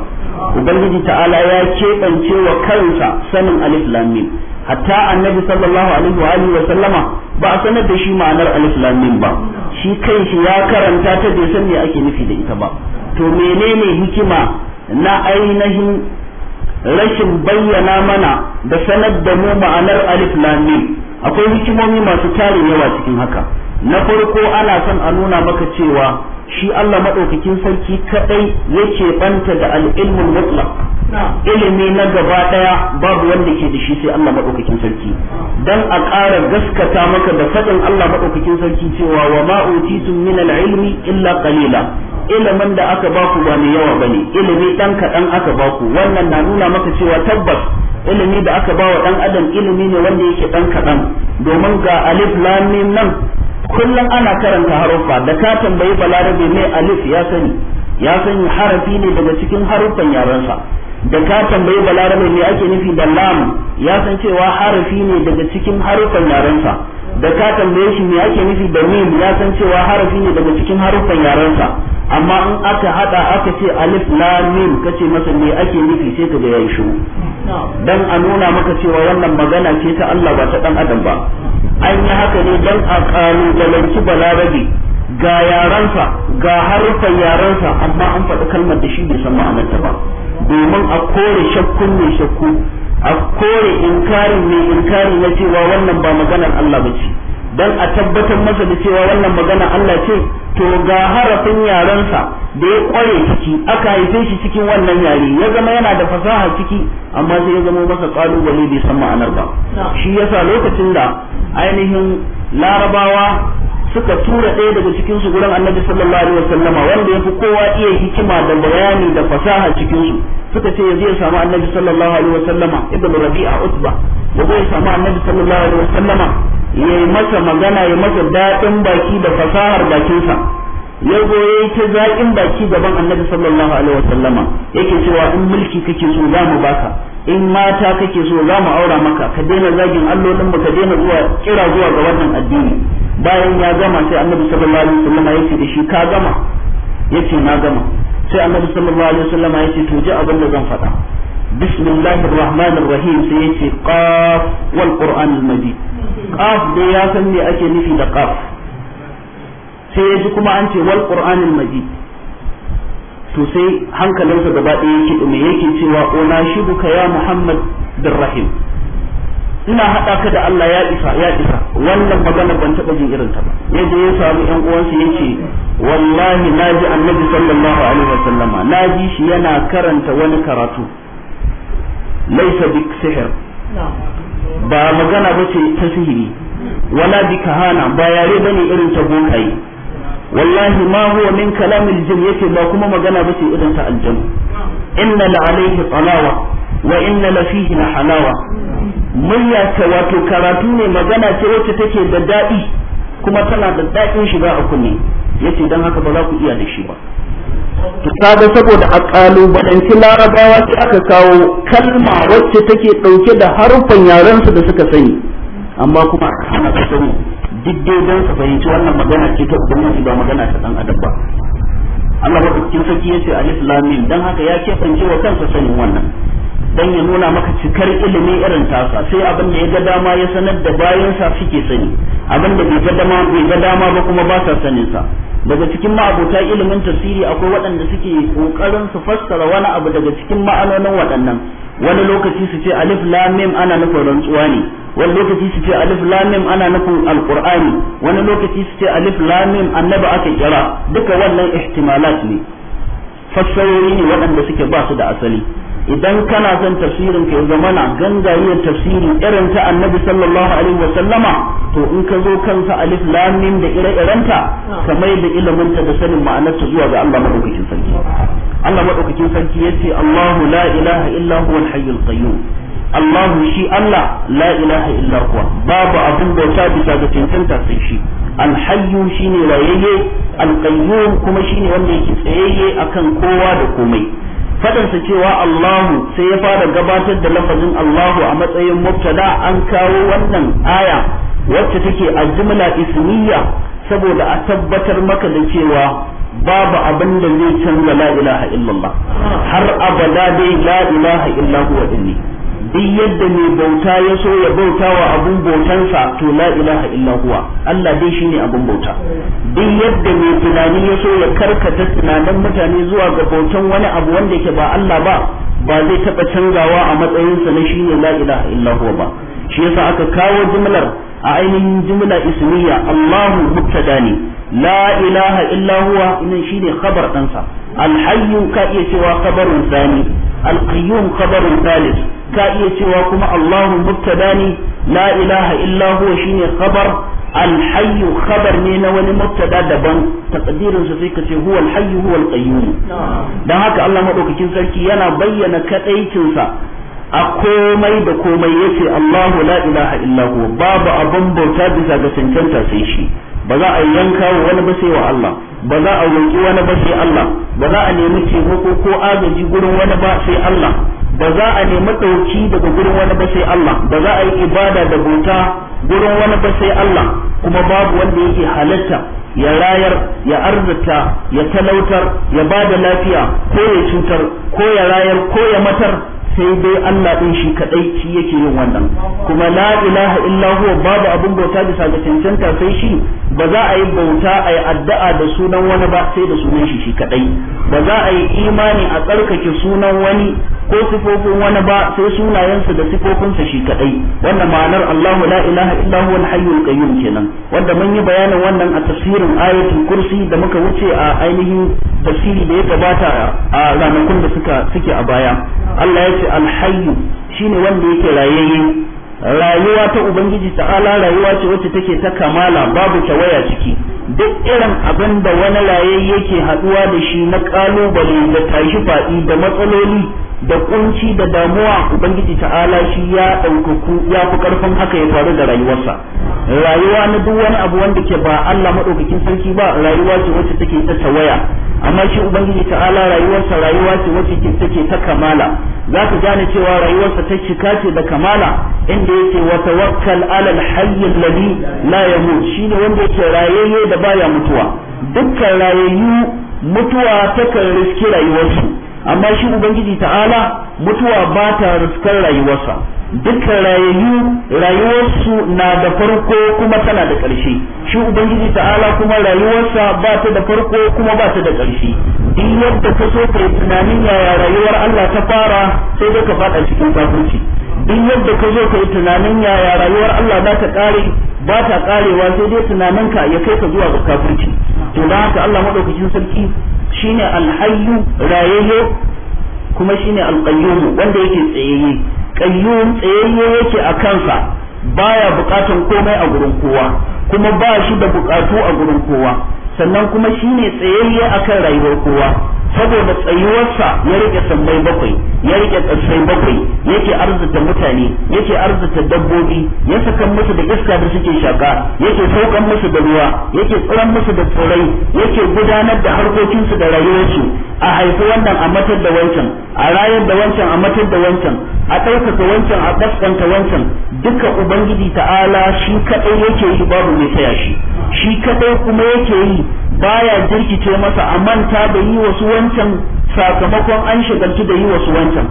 ubangiji ta'ala ya keɓance wa kansa sanin alif lamin hatta annabi sallallahu alaihi wa wa sallama ba a sanar da shi ma'anar alif lamin ba shi shi ya karanta ta bai san me ake nufi da ita ba to menene hikima na ainihin rashin bayyana mana da sanar da mu ma'anar alif lam mim akwai hikimomi masu tarin yawa cikin haka na farko ana son a nuna maka cewa shi Allah maɗaukakin sarki kaɗai yake banta da al'ilmul mutla. ilimi na gaba ɗaya babu wanda ke da shi sai Allah maɗaukakin sarki dan a ƙara gaskata maka da faɗin Allah maɗaukakin sarki cewa wa ma utitum min al illa kalila ilimin da aka baku ba mai yawa bane ilimi ɗan kaɗan aka baku wannan na nuna maka cewa tabbas ilimi da aka bawa ɗan adam ilimi ne wanda yake ɗan kaɗan domin ga alif lam nan kullum ana karanta haruffa da ka tambayi balarabe mai alif ya sani ya sani harafi ne daga cikin haruffan yarensa da ka tambayi balarabe mai ake nufi da lam ya san cewa harafi ne daga cikin haruffan yarensa da ka tambaye shi mai ake nufi da mim ya san cewa harafi ne daga cikin haruffan yarensa amma in aka hada aka ce alif lam mim kace masa me ake nufi sai ka ga yayi shiru dan a nuna maka cewa wannan magana ce ta Allah ba ta dan adam ba an yi haka ne don a kalubalanci balarabe ga yarensa ga harfan yarensa amma an faɗi kalmar da shi bai san ma'anarta ba domin a kore shakkun mai shakku a kore inkarin mai inkari na cewa wannan ba maganar Allah ba ce dan a tabbatar masa da cewa wannan magana Allah ce to ga harafin yarensa da ya kware ciki aka haife shi cikin wannan yare ya zama yana da fasaha ciki amma sai ya zama masa kalubale bai san ma'anar ba shi yasa lokacin da ainihin larabawa suka tura ɗaya daga cikin su gurin annabi sallallahu alaihi wasallam wanda yafi kowa iya hikima da bayani da fasaha cikin su suka ce yaje ya samu annabi sallallahu alaihi wasallama ibnu rabi'a utba yaje ya samu annabi sallallahu alaihi wasallama ya yi masa magana ya masa daɗin baki da fasahar bakinsa ya goye ta zaƙin baki gaban annabi sallallahu alaihi wasallama yake cewa in mulki kake so za mu baka in mata kake so za mu aura maka ka daina zagin allolin ka daina zuwa kira zuwa ga wannan addini bayan ya gama sai annabi sallallahu alaihi wasallama yake da shi ka gama yake na gama sai annabi sallallahu alaihi wasallama yake to ji abin da zan faɗa بسم الله الرحمن الرحيم سيأتي قاف والقرآن المجيد قاف دي يا سمي أكي نفي دا قاف سيأتي كما أنت والقرآن المجيد to sai hankalinsa gaba ɗaya yake ɗume yake cewa ona shibuka ya Muhammad bin Rahim ina haɗa ka da Allah ya isa ya isa wannan magana ban taɓa jin irin ta ba yadda ya samu ƴan uwansa yake wallahi na naji annabi sallallahu alaihi wasallama ji shi yana karanta wani karatu laisa bi sihir ba magana ba ce ta sihiri wala bi kahana ba yare bane irin ta bokaye wallahi ma huwa min kalamil jin ba kuma magana ba ce irin ta aljanu inna la alaihi talawa wa inna la fihi la halawa murya ta wato karatu ne magana ce wacce take da daɗi kuma tana da daɗin shiga a kunne yace dan haka ba za ku iya da shi ba to kaga saboda a kalubalanci larabawa sai aka kawo kalma wacce take dauke da harufan yaren su da suka sani amma kuma ana sani diddodan su fahimci wannan magana ce ta ubangiji ba magana ta dan allah ba Allah saki ya ce alif lam mim dan haka ya kefance wa kansa sanin wannan dan ya nuna maka cikar ilimi irin tasa sai abin da ya ga dama ya sanar da bayansa suke sani abin da bai ga dama ba kuma ba sa sanin sa daga cikin ma'abuta ilimin tasiri akwai waɗanda suke kokarin su fassara wani abu daga cikin ma'anonin waɗannan wani lokaci su ce alif lam mim ana nufin rantsuwa ne wani lokaci su ce alif lam mim ana nufin alqur'ani wani lokaci su ce alif lam mim annabi aka kira duka wannan ihtimalat ne fassarori ne waɗanda suke ba su da asali idan kana son tafsirin ka zama na gangariyar tafsiri irin ta annabi sallallahu alaihi wa sallama to in ka zo kansa alif lam mim da ire-irenta ah. ka mai da ilimin ta da sanin ma'anar ta zuwa ga Allah madaukakin sarki Allah madaukakin sarki yace Allahu la ilaha illa huwa al-hayyul qayyum shi Allah la ilaha illa huwa babu abin bauta bisa ga cancanta sai shi alhayyu shine rayayye alqayyum kuma shine wanda yake tsayayye akan kowa da komai fadansa cewa Allahu sai ya fara gabatar da lafazin Allahu a matsayin mubtada an kawo wannan aya wacce take a jumla ismiya saboda a tabbatar maka da cewa babu abin da zai canza la ilaha illallah har abada dai la ilaha illa inni duk yadda mai bauta ya so ya bauta wa abun bautansa to la ilaha illa huwa Allah dai shine abun bauta duk yadda mai tunani ya so ya karkata tunanin mutane zuwa ga bautan wani abu wanda yake ba Allah ba ba zai taba canzawa a matsayinsa na shine la ilaha illa huwa ba shi yasa aka kawo jimlar a ainihin jimla ismiya Allahu mubtada ne la ilaha illa huwa shine khabar ɗansa alhayyu ka iya cewa khabarun sani القيوم خبر ثالث كأيتي وكما الله مبتداني لا إله إلا هو شيني خبر الحي خبر نينا ولمبتدا دبن تقدير سفيكة هو الحي هو القيوم ده هكا الله مدوك كنسلكي ينا بيّن كأيتنسا a komai da komai yace Allahu la ilaha illahu babu abun bauta bisa ga cancanta sai shi ba za a yanka wa wani ba sai wa Allah ba za a roƙi wani ba sai Allah ba za a nemi taimako ko agaji gurin wani ba sai Allah ba za a nemi ɗauki daga gurin wani ba sai Allah ba za a yi ibada da bauta gurin wani ba sai Allah kuma babu wanda yake halatta ya rayar ya arzata ya talautar ya ba da lafiya ko ya cutar ko ya rayar ko ya matar sai dai Allah din shi kadai shi yake yin wannan kuma la ilaha illa huwa babu abin bauta bisa ga cancanta sai shi ba za a yi bauta a yi addu'a da sunan wani ba sai da sunan shi shi kadai ba za a yi imani a tsarkake sunan wani ko sifofin wani ba sai sunayensa da sifofinsa shi kadai wannan ma'anar Allahu la ilaha illa huwa al-hayyul qayyum kenan wanda mun yi bayanin wannan a tafsirin ayatul kursi da muka wuce a ainihin tafsiri da ya gabata a ranakun da suka suke a baya Allah ya ce alhayyu shine wanda yake rayayye rayuwa ta ubangiji ta'ala rayuwa ce wacce take ta kamala babu tawaya ciki duk irin abin da wani rayayye yake haduwa da shi na kalubale da tashi faɗi da matsaloli da kunci da damuwa ubangiji ta'ala shi ya ɗaukaku ya fi karfin haka ya faru da rayuwarsa rayuwa na duk wani abu wanda ke ba Allah madaukakin sarki ba rayuwa ce wacce take ta tawaya amma shi ubangiji ta'ala rayuwarsa rayuwa ce wacce take ta kamala za ka gane cewa rayuwarsa ta cika ce da kamala inda yake wa tawakkal alal hayy alladhi la yamut shine wanda yake rayayye da baya mutuwa dukkan rayayyu mutuwa kan riski rayuwarsu amma shi ubangiji ta'ala mutuwa ba ta riskar rayuwarsa dukkan rayayyu rayuwarsu na da farko kuma tana da ƙarshe shi ubangiji ta'ala kuma rayuwarsa ba ta da farko kuma ba ta da ƙarshe duk yadda ka so ka yi tunanin yaya rayuwar Allah ta fara sai dai ka faɗa cikin kafirci duk yadda ka zo ka yi tunanin yaya rayuwar Allah ba ta kare ba ta karewa sai dai tunaninka ya kai ka zuwa ga kafirci to da haka Allah madaukakin sarki shine alhayyu rayayye kuma shine alqayyum wanda yake tsayayye qayyum tsayayye yake a kansa baya bukatan komai a gurin kowa kuma ba shi da bukatu a gurin kowa sannan kuma shine tsayayye akan rayuwar kowa saboda tsayuwarsa ya rike sammai bakwai ya rike tsassai bakwai yake arzuta mutane yake arzuta dabbobi ya saka musu da iska da suke shaka yake saukan musu da ruwa yake tsiran musu da tsirrai yake gudanar da harkokinsu da rayuwarsu a haifi wannan a matar da wancan a rayar da wancan a matar da wancan a ɗaukaka wancan a ƙasƙanta wancan duka ubangiji ta'ala shi kaɗai yake yi babu mai taya shi shi kaɗai kuma yake yi baya jirkice masa a manta da yi wasu wancan sakamakon an shigaltu da yi wasu wancan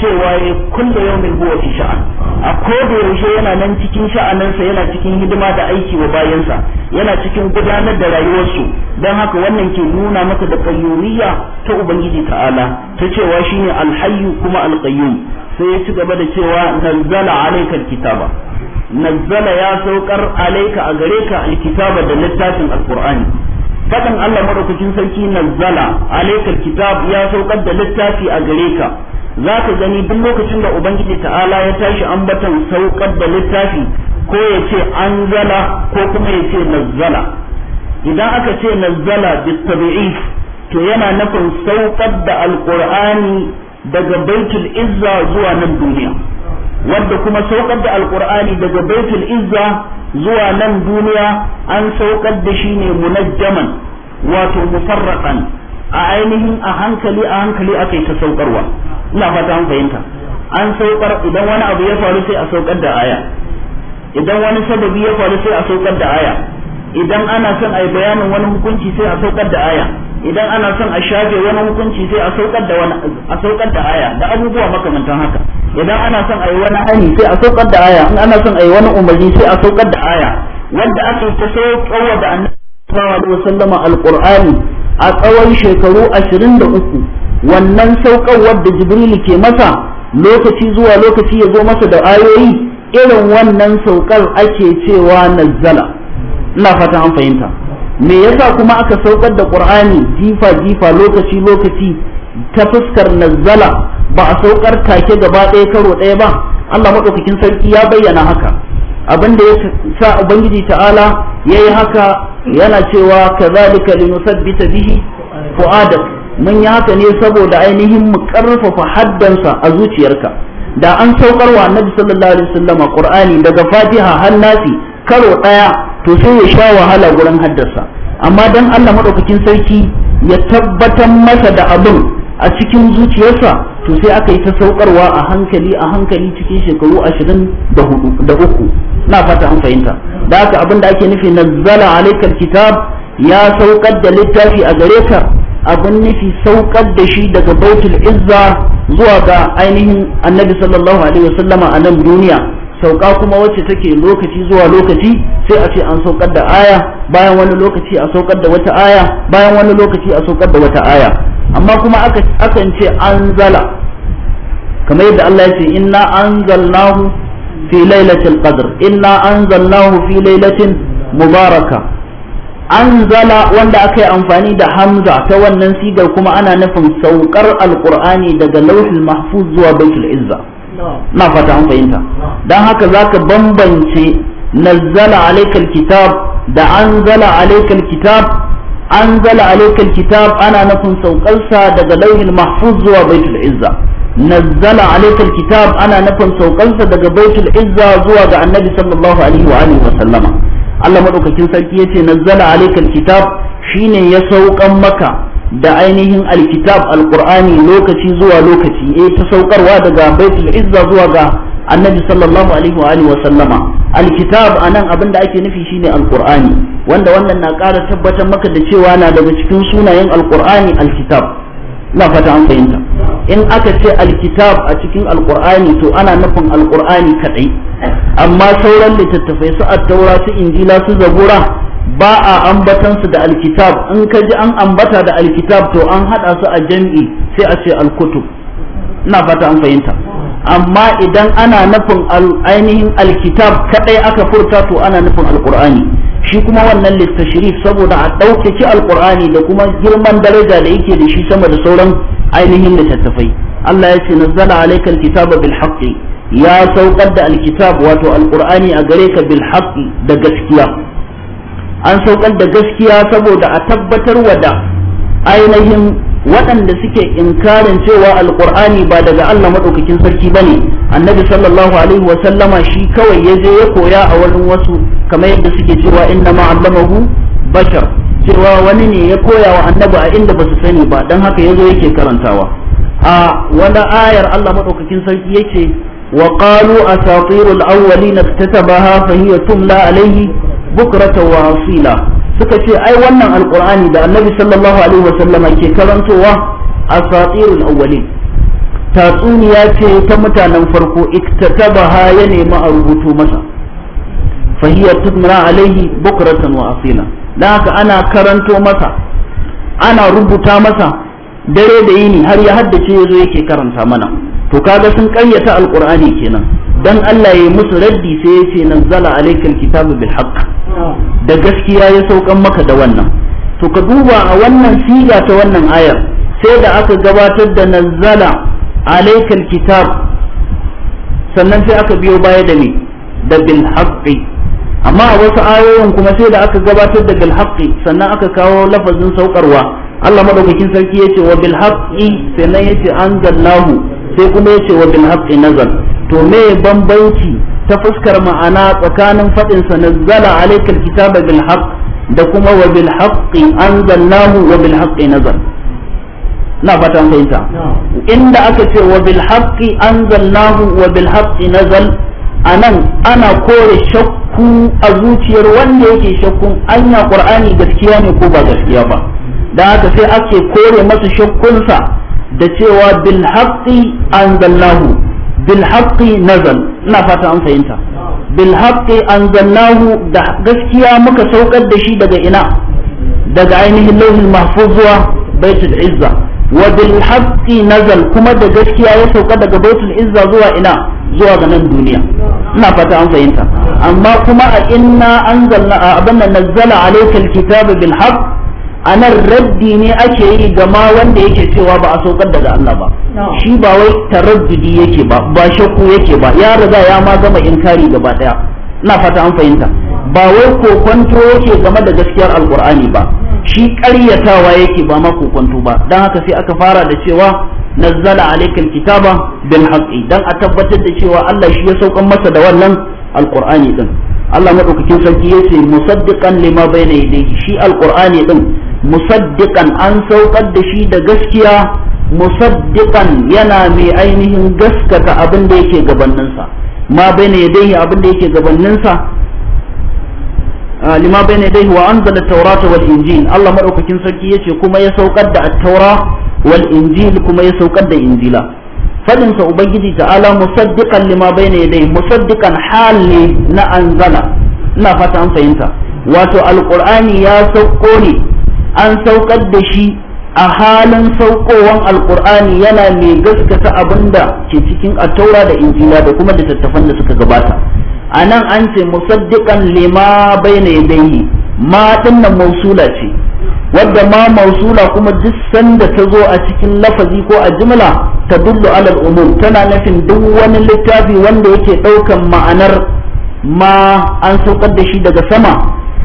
cewa ya kulle mai huwa fi sha'an a da yaushe yana nan cikin sha'anansa yana cikin hidima da aiki wa bayansa yana cikin gudanar da rayuwarsu don haka wannan ke nuna maka da kayyoriya ta ubangiji ta'ala ta cewa shine alhayyu kuma alqayyum sai ya ci gaba da cewa nazzala alaikal kitaba nazzala ya saukar alaika a gare ka alkitaba da littafin alkur'ani. fadan Allah madaukakin sarki nazzala alaikal kitab ya saukar da littafi a gare ka za ka gani duk lokacin da ubangiji ta'ala ya tashi ambaton saukar da littafi ko ya ce anzala ko kuma ya ce nazzala idan aka ce nazzala bitabi'if to yana nufin saukar da alqur'ani daga baitul izza zuwa nan duniya wadda kuma saukar da alkur'ani daga baitul izza zuwa nan duniya an saukar da shi ne munajjaman wato mufarraqan a ainihin a hankali a hankali akai ta saukarwa ina fata an fahimta an saukar idan wani abu ya faru sai a saukar da aya idan wani sababi ya faru sai a saukar da aya idan ana son a yi bayanin wani hukunci sai a saukar da aya idan ana son a shafe wani hukunci sai a saukar da wani a saukar da aya da abubuwa makamantan haka idan ana son a yi wani hani sai a saukar da aya in ana son a yi wani umarni sai a saukar da aya wanda aka ta kawo da annabi sallallahu alaihi wasallam alqur'ani a tsawon shekaru 23 wannan saukarwar da jibril ke masa lokaci zuwa lokaci ya zo masa da ayoyi irin wannan saukar ake cewa nazzala ina fata an fahimta me yasa kuma aka saukar da qur'ani jifa jifa lokaci lokaci ta fuskar nazala ba a saukar take gaba ɗaya karo ɗaya ba Allah madaukakin sarki ya bayyana haka abinda ya sa ubangiji ta'ala yayi haka yana cewa kazalika linusabbita bihi fu'adak mun yi haka ne saboda ainihin mu karfafa haddansa a zuciyarka da an saukar wa annabi sallallahu alaihi wasallama qur'ani daga fatiha har nasi karo ɗaya to sai ya sha wahala gurin haddasa amma dan Allah madaukakin sarki ya tabbatar masa da abin a cikin zuciyarsa to sai aka yi ta saukarwa a hankali a hankali cikin shekaru ashirin da uku na fata an fahimta da haka abin da ake nufi nazzala alaikar kitab ya saukar da littafi a gare ka abin nufi saukar da shi daga bautul izza zuwa ga ainihin annabi sallallahu alaihi wasallama a nan duniya sauka kuma wacce take lokaci zuwa lokaci sai a ce an saukar da aya bayan wani lokaci a saukar da wata aya bayan wani lokaci a saukar da wata aya amma kuma akan ce an zala kamar yadda Allah ya ce inna anzalnahu fi lailatul qadr inna anzalnahu fi lailatin mubaraka anzala wanda aka yi amfani da hamza ta wannan sigar kuma ana nufin saukar alqur'ani daga lauhul mahfuz zuwa baitul izza na fata an fahimta don haka za ka bambance nazzala alaikal kitab da anzala alaikal kitab anzala alaikal kitab ana nufin saukarsa daga lauhin mahfuz zuwa baitul izza nazzala alaikal kitab ana nufin saukarsa daga baitul izza zuwa ga annabi sallallahu alaihi wa alihi wa sallama Allah madaukakin sarki yace nazzala alaikal kitab shine ya saukan maka da ainihin alkitab alqur'ani lokaci zuwa lokaci E, ta saukarwa daga baitul izza zuwa ga annabi sallallahu alaihi wa alihi wa sallama alkitab anan abin da ake nufi shine alqur'ani wanda wannan na ƙara tabbatar maka da cewa na daga cikin sunayen alqur'ani alkitab ina fata an fahimta in aka ce alkitab a cikin alqur'ani to ana nufin alqur'ani kadai amma sauran littattafai su attaura su injila su zabura ba a ambatansu da alkitab in ka ji an ambata da alkitab to an haɗa su a jam'i sai a ce alkutub ina fata an fahimta amma idan ana nufin ainihin alkitab kadai aka furta to ana nufin alkur'ani shi kuma wannan littashiri saboda a ɗaukaki alƙur'ani da kuma girman daraja da yake da shi sama da sauran ainihin littattafai Allah ya ce nazzala alayka alkitaba bil haqqi ya saukar da alkitab wato alkur'ani a gare ka bil haqqi da gaskiya an saukar da gaskiya saboda a tabbatar wa da ainihin waɗanda suke inkarin cewa alkur'ani ba daga Allah maɗaukakin sarki ba ne annabi sallallahu alaihi wasallama shi kawai ya je ya koya a wurin wasu kamar yadda suke cewa inna ma'allamahu bashar cewa wani ne ya koya wa annabi a inda ba su sani ba don haka ya zo yake karantawa a wani ayar Allah maɗaukakin sarki ya ce wa qalu asatirul awwalina iktatabaha fa tumla alaihi bukrata wa asila suka ce ai wannan alqur'ani da annabi sallallahu alaihi sallama ke karantowa asatirul awwalin tatsuniya ce ta mutanen farko iktatabaha ya nemi a rubutu masa fahiya tumra alaihi bukratan wa asila dan haka ana karanto masa ana rubuta masa dare da yini har ya haddace yazo yake karanta mana to kaga sun kayyata alqur'ani kenan dan Allah ya musu raddi sai ya ce nazzala alaikal kitabu bil haqq da gaskiya ya saukan maka da wannan to ka duba a wannan siga ta wannan ayar sai da aka gabatar da nazzala alaikal kitab sannan sai aka biyo baya da ni da bil haqqi amma a wasu ayoyin kuma sai da aka gabatar da bil haqqi sannan aka kawo lafazin saukarwa Allah madaukakin sarki yace wa bil haqqi sannan yace gallahu sai kuma yace wa bil haqqi nazal to me bambanci ta fuskar ma'ana tsakanin faɗin sa nazzala alaikal kitaba bil da kuma wa bil haqqi anzalnahu wa bil haqqi nazal na fata fahimta inda aka ce wa bil haqqi anzalnahu wa bil haqqi nazal anan ana kore shakku a zuciyar wanda yake shakkun anya qur'ani gaskiya ne ko ba gaskiya ba da aka sai ake kore masa shakkunsa da cewa bil haqqi anzalnahu bil haqqi nazal ina fata an fahimta bil haqqi da gaskiya muka saukar da shi daga ina daga ainihin lauhin mahfuz baitul izza wa bilhaƙi nazal kuma da gaskiya ya sauka daga baitul izza zuwa ina zuwa ga nan duniya ina fata an fahimta amma kuma a inna anzalna abin nazzala alayka alkitaba bil a nan raddi ne ake yi ga ma wanda yake cewa ba a saukar daga Allah ba shi ba wai taraddudi yake ba ba shakku yake ba ya riga ya ma gama inkari gaba daya ina fata an fahimta ba wai kokonto yake game da gaskiyar alkur'ani ba shi ƙaryatawa yake ba ma kokonto ba Dan haka sai aka fara da cewa nazzala alaikal kitaba bil haqqi dan a tabbatar da cewa Allah shi ya saukan masa da wannan alkur'ani din Allah madaukakin sarki yace musaddiqan lima bayna yadayhi shi alkur'ani din musaddiqan an saukar da shi da gaskiya musaddiqan yana mai ainihin gaskata abin da yake gabaninsa ma bayna yadayhi abin da yake gabaninsa ah, lima bayna yadayhi wa an at-taurata wal injil Allah madaukakin sarki yace kuma ya saukar da at-taura wal injil kuma ya saukar da injila fadin sa ubangiji ta'ala musaddiqan lima bayna yadayhi musaddiqan hali na anzala ina fata an fahimta wato alqur'ani ya sauko ne an saukar da shi a halin saukowan alkur'ani yana mai gaskata abin da ke cikin ataura da injila da kuma littattafan da suka gabata a nan an ce musaddiqan lima bayna yadayhi ma dinnan mausula ce wadda ma mausula kuma duk sanda ta zo a cikin lafazi ko a jimla ta dullu alal umur tana nufin duk wani littafi wanda yake ɗaukan ma'anar ma an saukar da shi daga sama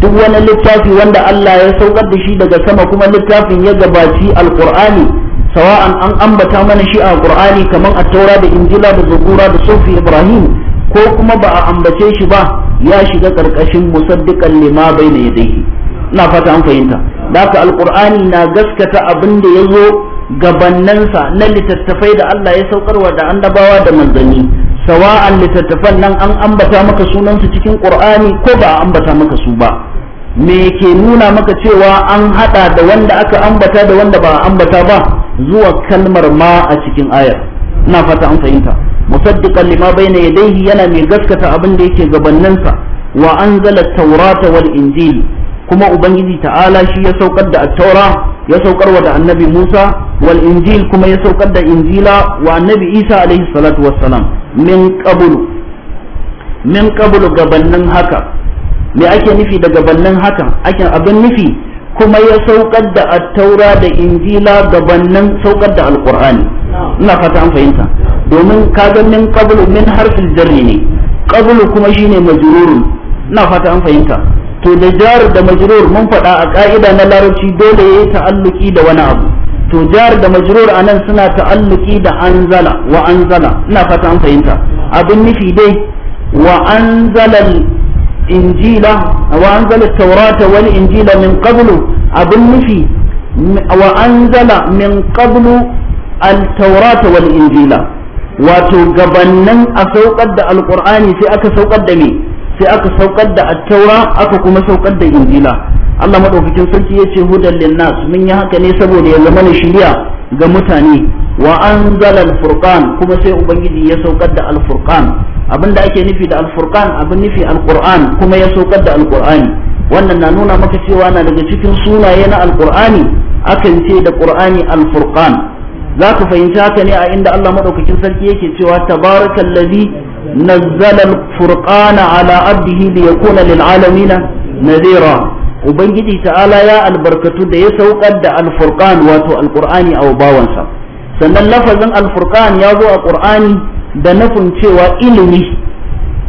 duk wani littafi wanda Allah ya saukar da shi daga sama kuma littafin ya gabaci alqur'ani sawa'an an ambata mana shi a qur'ani kaman a taura da injila da zabura da sufi ibrahim ko kuma ba a ambace shi ba ya shiga karkashin musaddiqan lima bayna yadayhi ina fata an fahimta daka alqur'ani na gaskata abin da yazo gabannansa na littattafai da Allah ya saukarwa da annabawa da manzanni sawa'an littattafan nan an ambata maka sunansu cikin qur'ani ko ba a ambata maka su ba me ke nuna maka cewa an hada da wanda aka ambata da wanda ba a ambata ba zuwa kalmar ma a cikin ayar ina fata an fahimta musaddiqan lima bayna yadayhi yana mai gaskata abin da yake gabanninsa wa anzala tawrata wal injil kuma ubangiji ta'ala shi ya saukar da at-taura ya saukar wa da annabi Musa wal injil kuma ya saukar da injila wa annabi Isa alayhi salatu wassalam min qablu min qablu gabannin haka me ake nufi daga bannin hakan ake abin nufi kuma ya saukar da attaura da injila gabannin saukar da alkur'ani ina fata an fahimta domin kaga min qablu min harfin jarri ne qablu kuma shine majrurun ina fata an fahimta to da jar da majrur mun faɗa a ka'ida na larabci dole yayi ta'alluki da wani abu to jar da majrur anan suna ta'alluki da anzala wa anzala ina fata an fahimta abin nufi dai wa anzalal الإنجيل وأنزل التوراة والإنجيل من قبل أبن في وأنزل من قبل التوراة والإنجيل وتقبنن أسوقد القرآن في أكا سوقد مي في أكا سوقد التوراة أكا كما سوقد الإنجيل Allah madaukakin sarki yace hudan linnas mun yi haka ne saboda ya zama ne shiriya ga mutane wa anzala al-furqan kuma sai ubangiji ya saukar da al abin da ake nufi da alfurkan abin nufi alkur'an kuma ya saukar da alkur'ani wannan na nuna maka cewa na daga cikin sunaye na alqur'ani akan ce da qur'ani alfur'an za ka fahimci haka ne a inda Allah maɗaukakin sarki yake cewa tabarakallazi nazzala alfurqana ala abdihi liyakuna lil alamin nadira ubangiji ta'ala ya albarkatu da ya saukar da alfurkan wato alkur'ani a bawansa sannan lafazin alfurkan ya zo a qur'ani da nufin cewa ilimi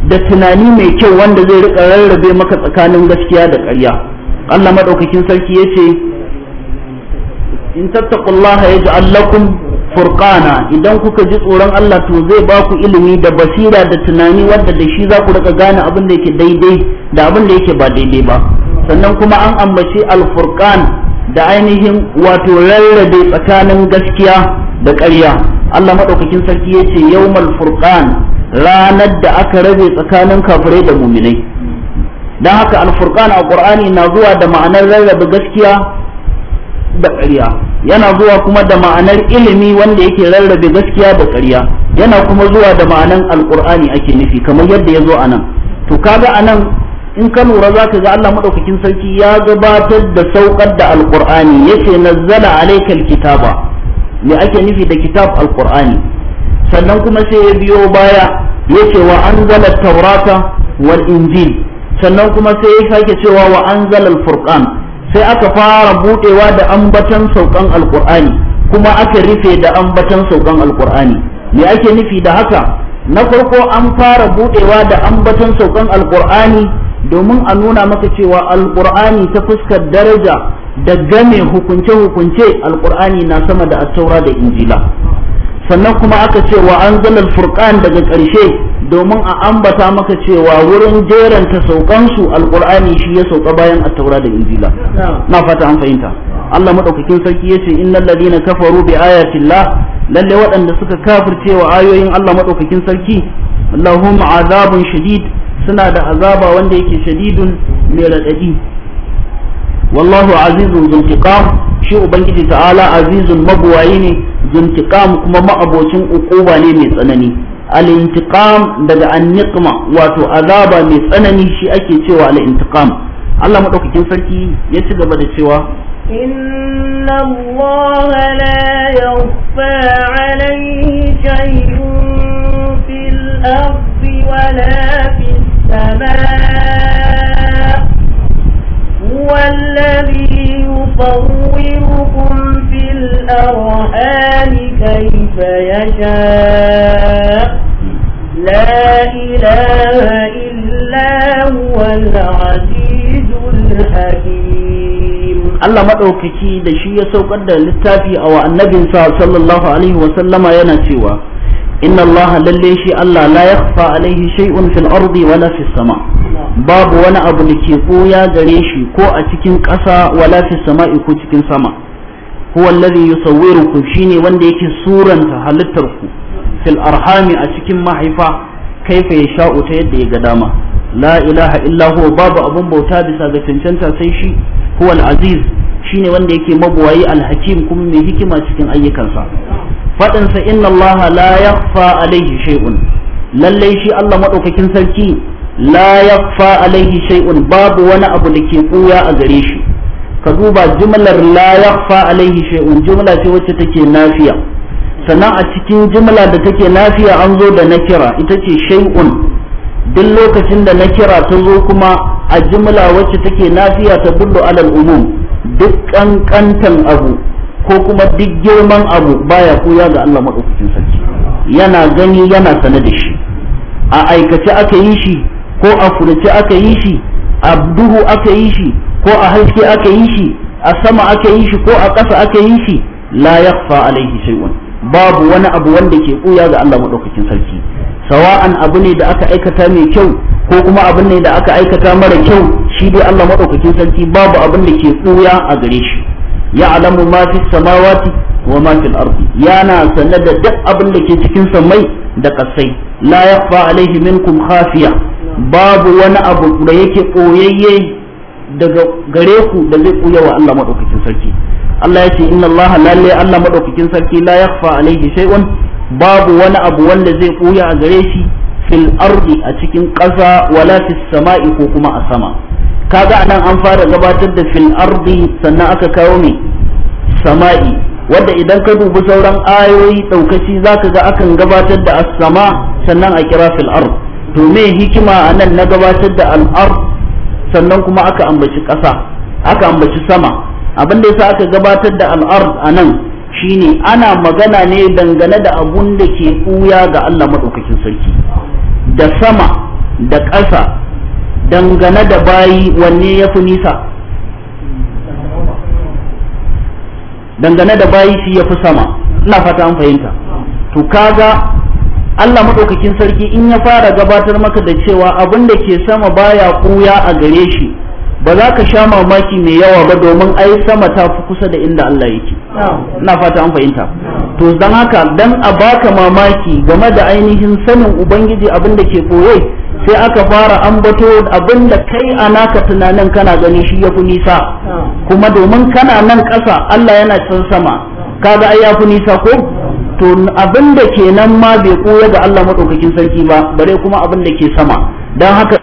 da tunani mai kyau wanda zai rika rarrabe maka tsakanin gaskiya da ƙarya Allah madaukakin sarki yace in tattaqullaha yaj'al lakum furqana idan kuka ji tsoron Allah to zai ba ku ilimi da basira da tunani wanda da shi za ku rika gane abin da yake daidai da abin da yake ba daidai ba sannan kuma an ambaci al da ainihin wato rarrabe tsakanin gaskiya da ƙarya Allah maɗaukakin sarki yace yau furqan ranar da aka rabe tsakanin kafirai da muminai don haka alfurqan a kur'ani na zuwa da ma'anar rarrabe gaskiya da ƙarya yana zuwa kuma da ma'anar ilimi wanda yake rarrabe gaskiya da ƙarya yana kuma zuwa da ma'anar alkur'ani ake nufi kamar yadda ya zo anan to kaga nan in ka lura za ka ga Allah maɗaukakin sarki ya gabatar da saukar da ya yace nazzala alaikal kitaba me ake nufi da kitab alqur'ani sannan kuma sai ya biyo baya yace wa anzala taurata wal injil sannan kuma sai ya sake cewa wa anzala alfurqan sai aka fara budewa da ambatan saukan alqur'ani kuma aka rufe da ambatan saukan alqur'ani me ake nufi da haka na farko an fara budewa da ambatan saukan alqur'ani domin a nuna maka cewa alqur'ani ta fuskar daraja da game hukunce-hukunce alkur'ani na sama da attaura da injila sannan kuma aka ce wa an zalar furkan daga ƙarshe domin a ambata maka cewa wurin jeranta saukansu alkur'ani shi ya sauka bayan attaura da injila na fata an fahimta allah maɗaukakin sarki ya ce innal ladina kafaru bi ayatillah lalle waɗanda suka kafirce wa ayoyin allah maɗaukakin sarki lahum azabun shadid suna da azaba wanda yake shadidun mai raɗaɗi wallahu azizun zuntiqam shi ubangiji ta'ala azizun mabuwayi ne zuntiqam kuma ma'abocin ukuba ne mai tsanani al-intiqam daga an wato azaba mai tsanani shi ake cewa al-intiqam Allah madaukakin sarki ya ci gaba da cewa إن الله لا يخفى عليه شيء في الأرض ولا في السماء هو الذي يطوركم في الأرحام كيف يشاء لا إله إلا هو العزيز الحكيم الله مدوكي da shi ya saukar da littafi a wa annabinsa sallallahu wa sallama yana cewa inna allaha lalle shi Allah la yakhfa alaihi shay'un fil ardi wala fis sama' babu wani abu da ke koya gare shi ko a cikin ƙasa wala fi sama'i ko cikin sama huwa allazi yusawwirukum shine wanda yake suranta halittar ku fil arhami a cikin mahaifa kaifa yasha'u ta yadda ya ga dama la ilaha illa huwa babu abun bauta bisa ga cancanta sai shi huwa aziz shine wanda yake mabuwayi al-hakim kuma mai hikima cikin ayyukansa fadin sa inna allaha la yakhfa alayhi shay'un lallai shi Allah madaukakin sarki la alaihi shay'un babu wani abu da ke buya a gare shi ka duba jumlar la alaihi shay'un jumla ce wacce take nafiya sannan a cikin jumla da take nafiya an zo da nakira ita ce shay'un duk lokacin da nakira ta zo kuma a jumla wacce take nafiya ta buddu alal umum duk kankantan abu ko kuma duk girman abu baya koya ga Allah madaukakin sarki yana gani yana sane da shi a aikace aka yi shi ko a furuci aka yi shi a duhu aka yi shi ko a haske aka yi shi a sama aka yi shi ko a ƙasa aka yi shi la yakhfa alaihi shay'un babu wani abu wanda ke kuya ga Allah madaukakin sarki sawa'an abu ne da aka aikata mai kyau ko kuma abin ne da aka aikata mara kyau shi dai Allah madaukakin sarki babu abin da ke kuya a gare shi ya'lamu ma fis samawati wa ma fil ardi yana sanar da duk abin da ke cikin samai da kasai la yakhfa alaihi minkum khafiya babu wani abu da yake koyayye daga gare ku da zai koya wa Allah madaukakin sarki Allah ya ce inna Allah lalle Allah madaukakin sarki la yakhfa alaihi shay'un babu wani abu wanda zai koya a gare shi fil ardi a cikin ƙasa wala fis sama'i ko kuma a sama kaga anan an fara gabatar da fil ardi sannan aka kawo ne sama'i wanda idan ka dubi sauran ayoyi daukaci zaka ga akan gabatar da as-sama sannan a kira fil ardi to me hikima a nan na gabatar da al'ar sannan kuma aka ambaci ƙasa aka ambaci sama abin da yasa aka gabatar da al'ar a nan shine ana magana ne dangane da abun da ke ƙuya ga Allah maɗaukakin sarki da sama da ƙasa dangane da bayi wanne ya fi nisa dangane da bayi shi ya fi sama ina fata an fahimta to kaga Allah maɗaukakin sarki in ya fara gabatar maka da cewa abin da ke sama baya ƙuya a gare shi ba za ka sha mamaki mai yawa ba domin ai sama ta fi kusa da inda Allah yake ina fata an fahimta to don haka dan a baka mamaki game da ainihin sanin ubangiji abin da ke koye sai aka fara ambato abin da kai a naka tunanin kana gani shi ya fi nisa kuma domin kana nan ƙasa Allah yana can sama kaga ai ya fi nisa ko to abin da ke nan ma bai koya ga Allah madaukakin sarki ba bare kuma abin da ke sama dan haka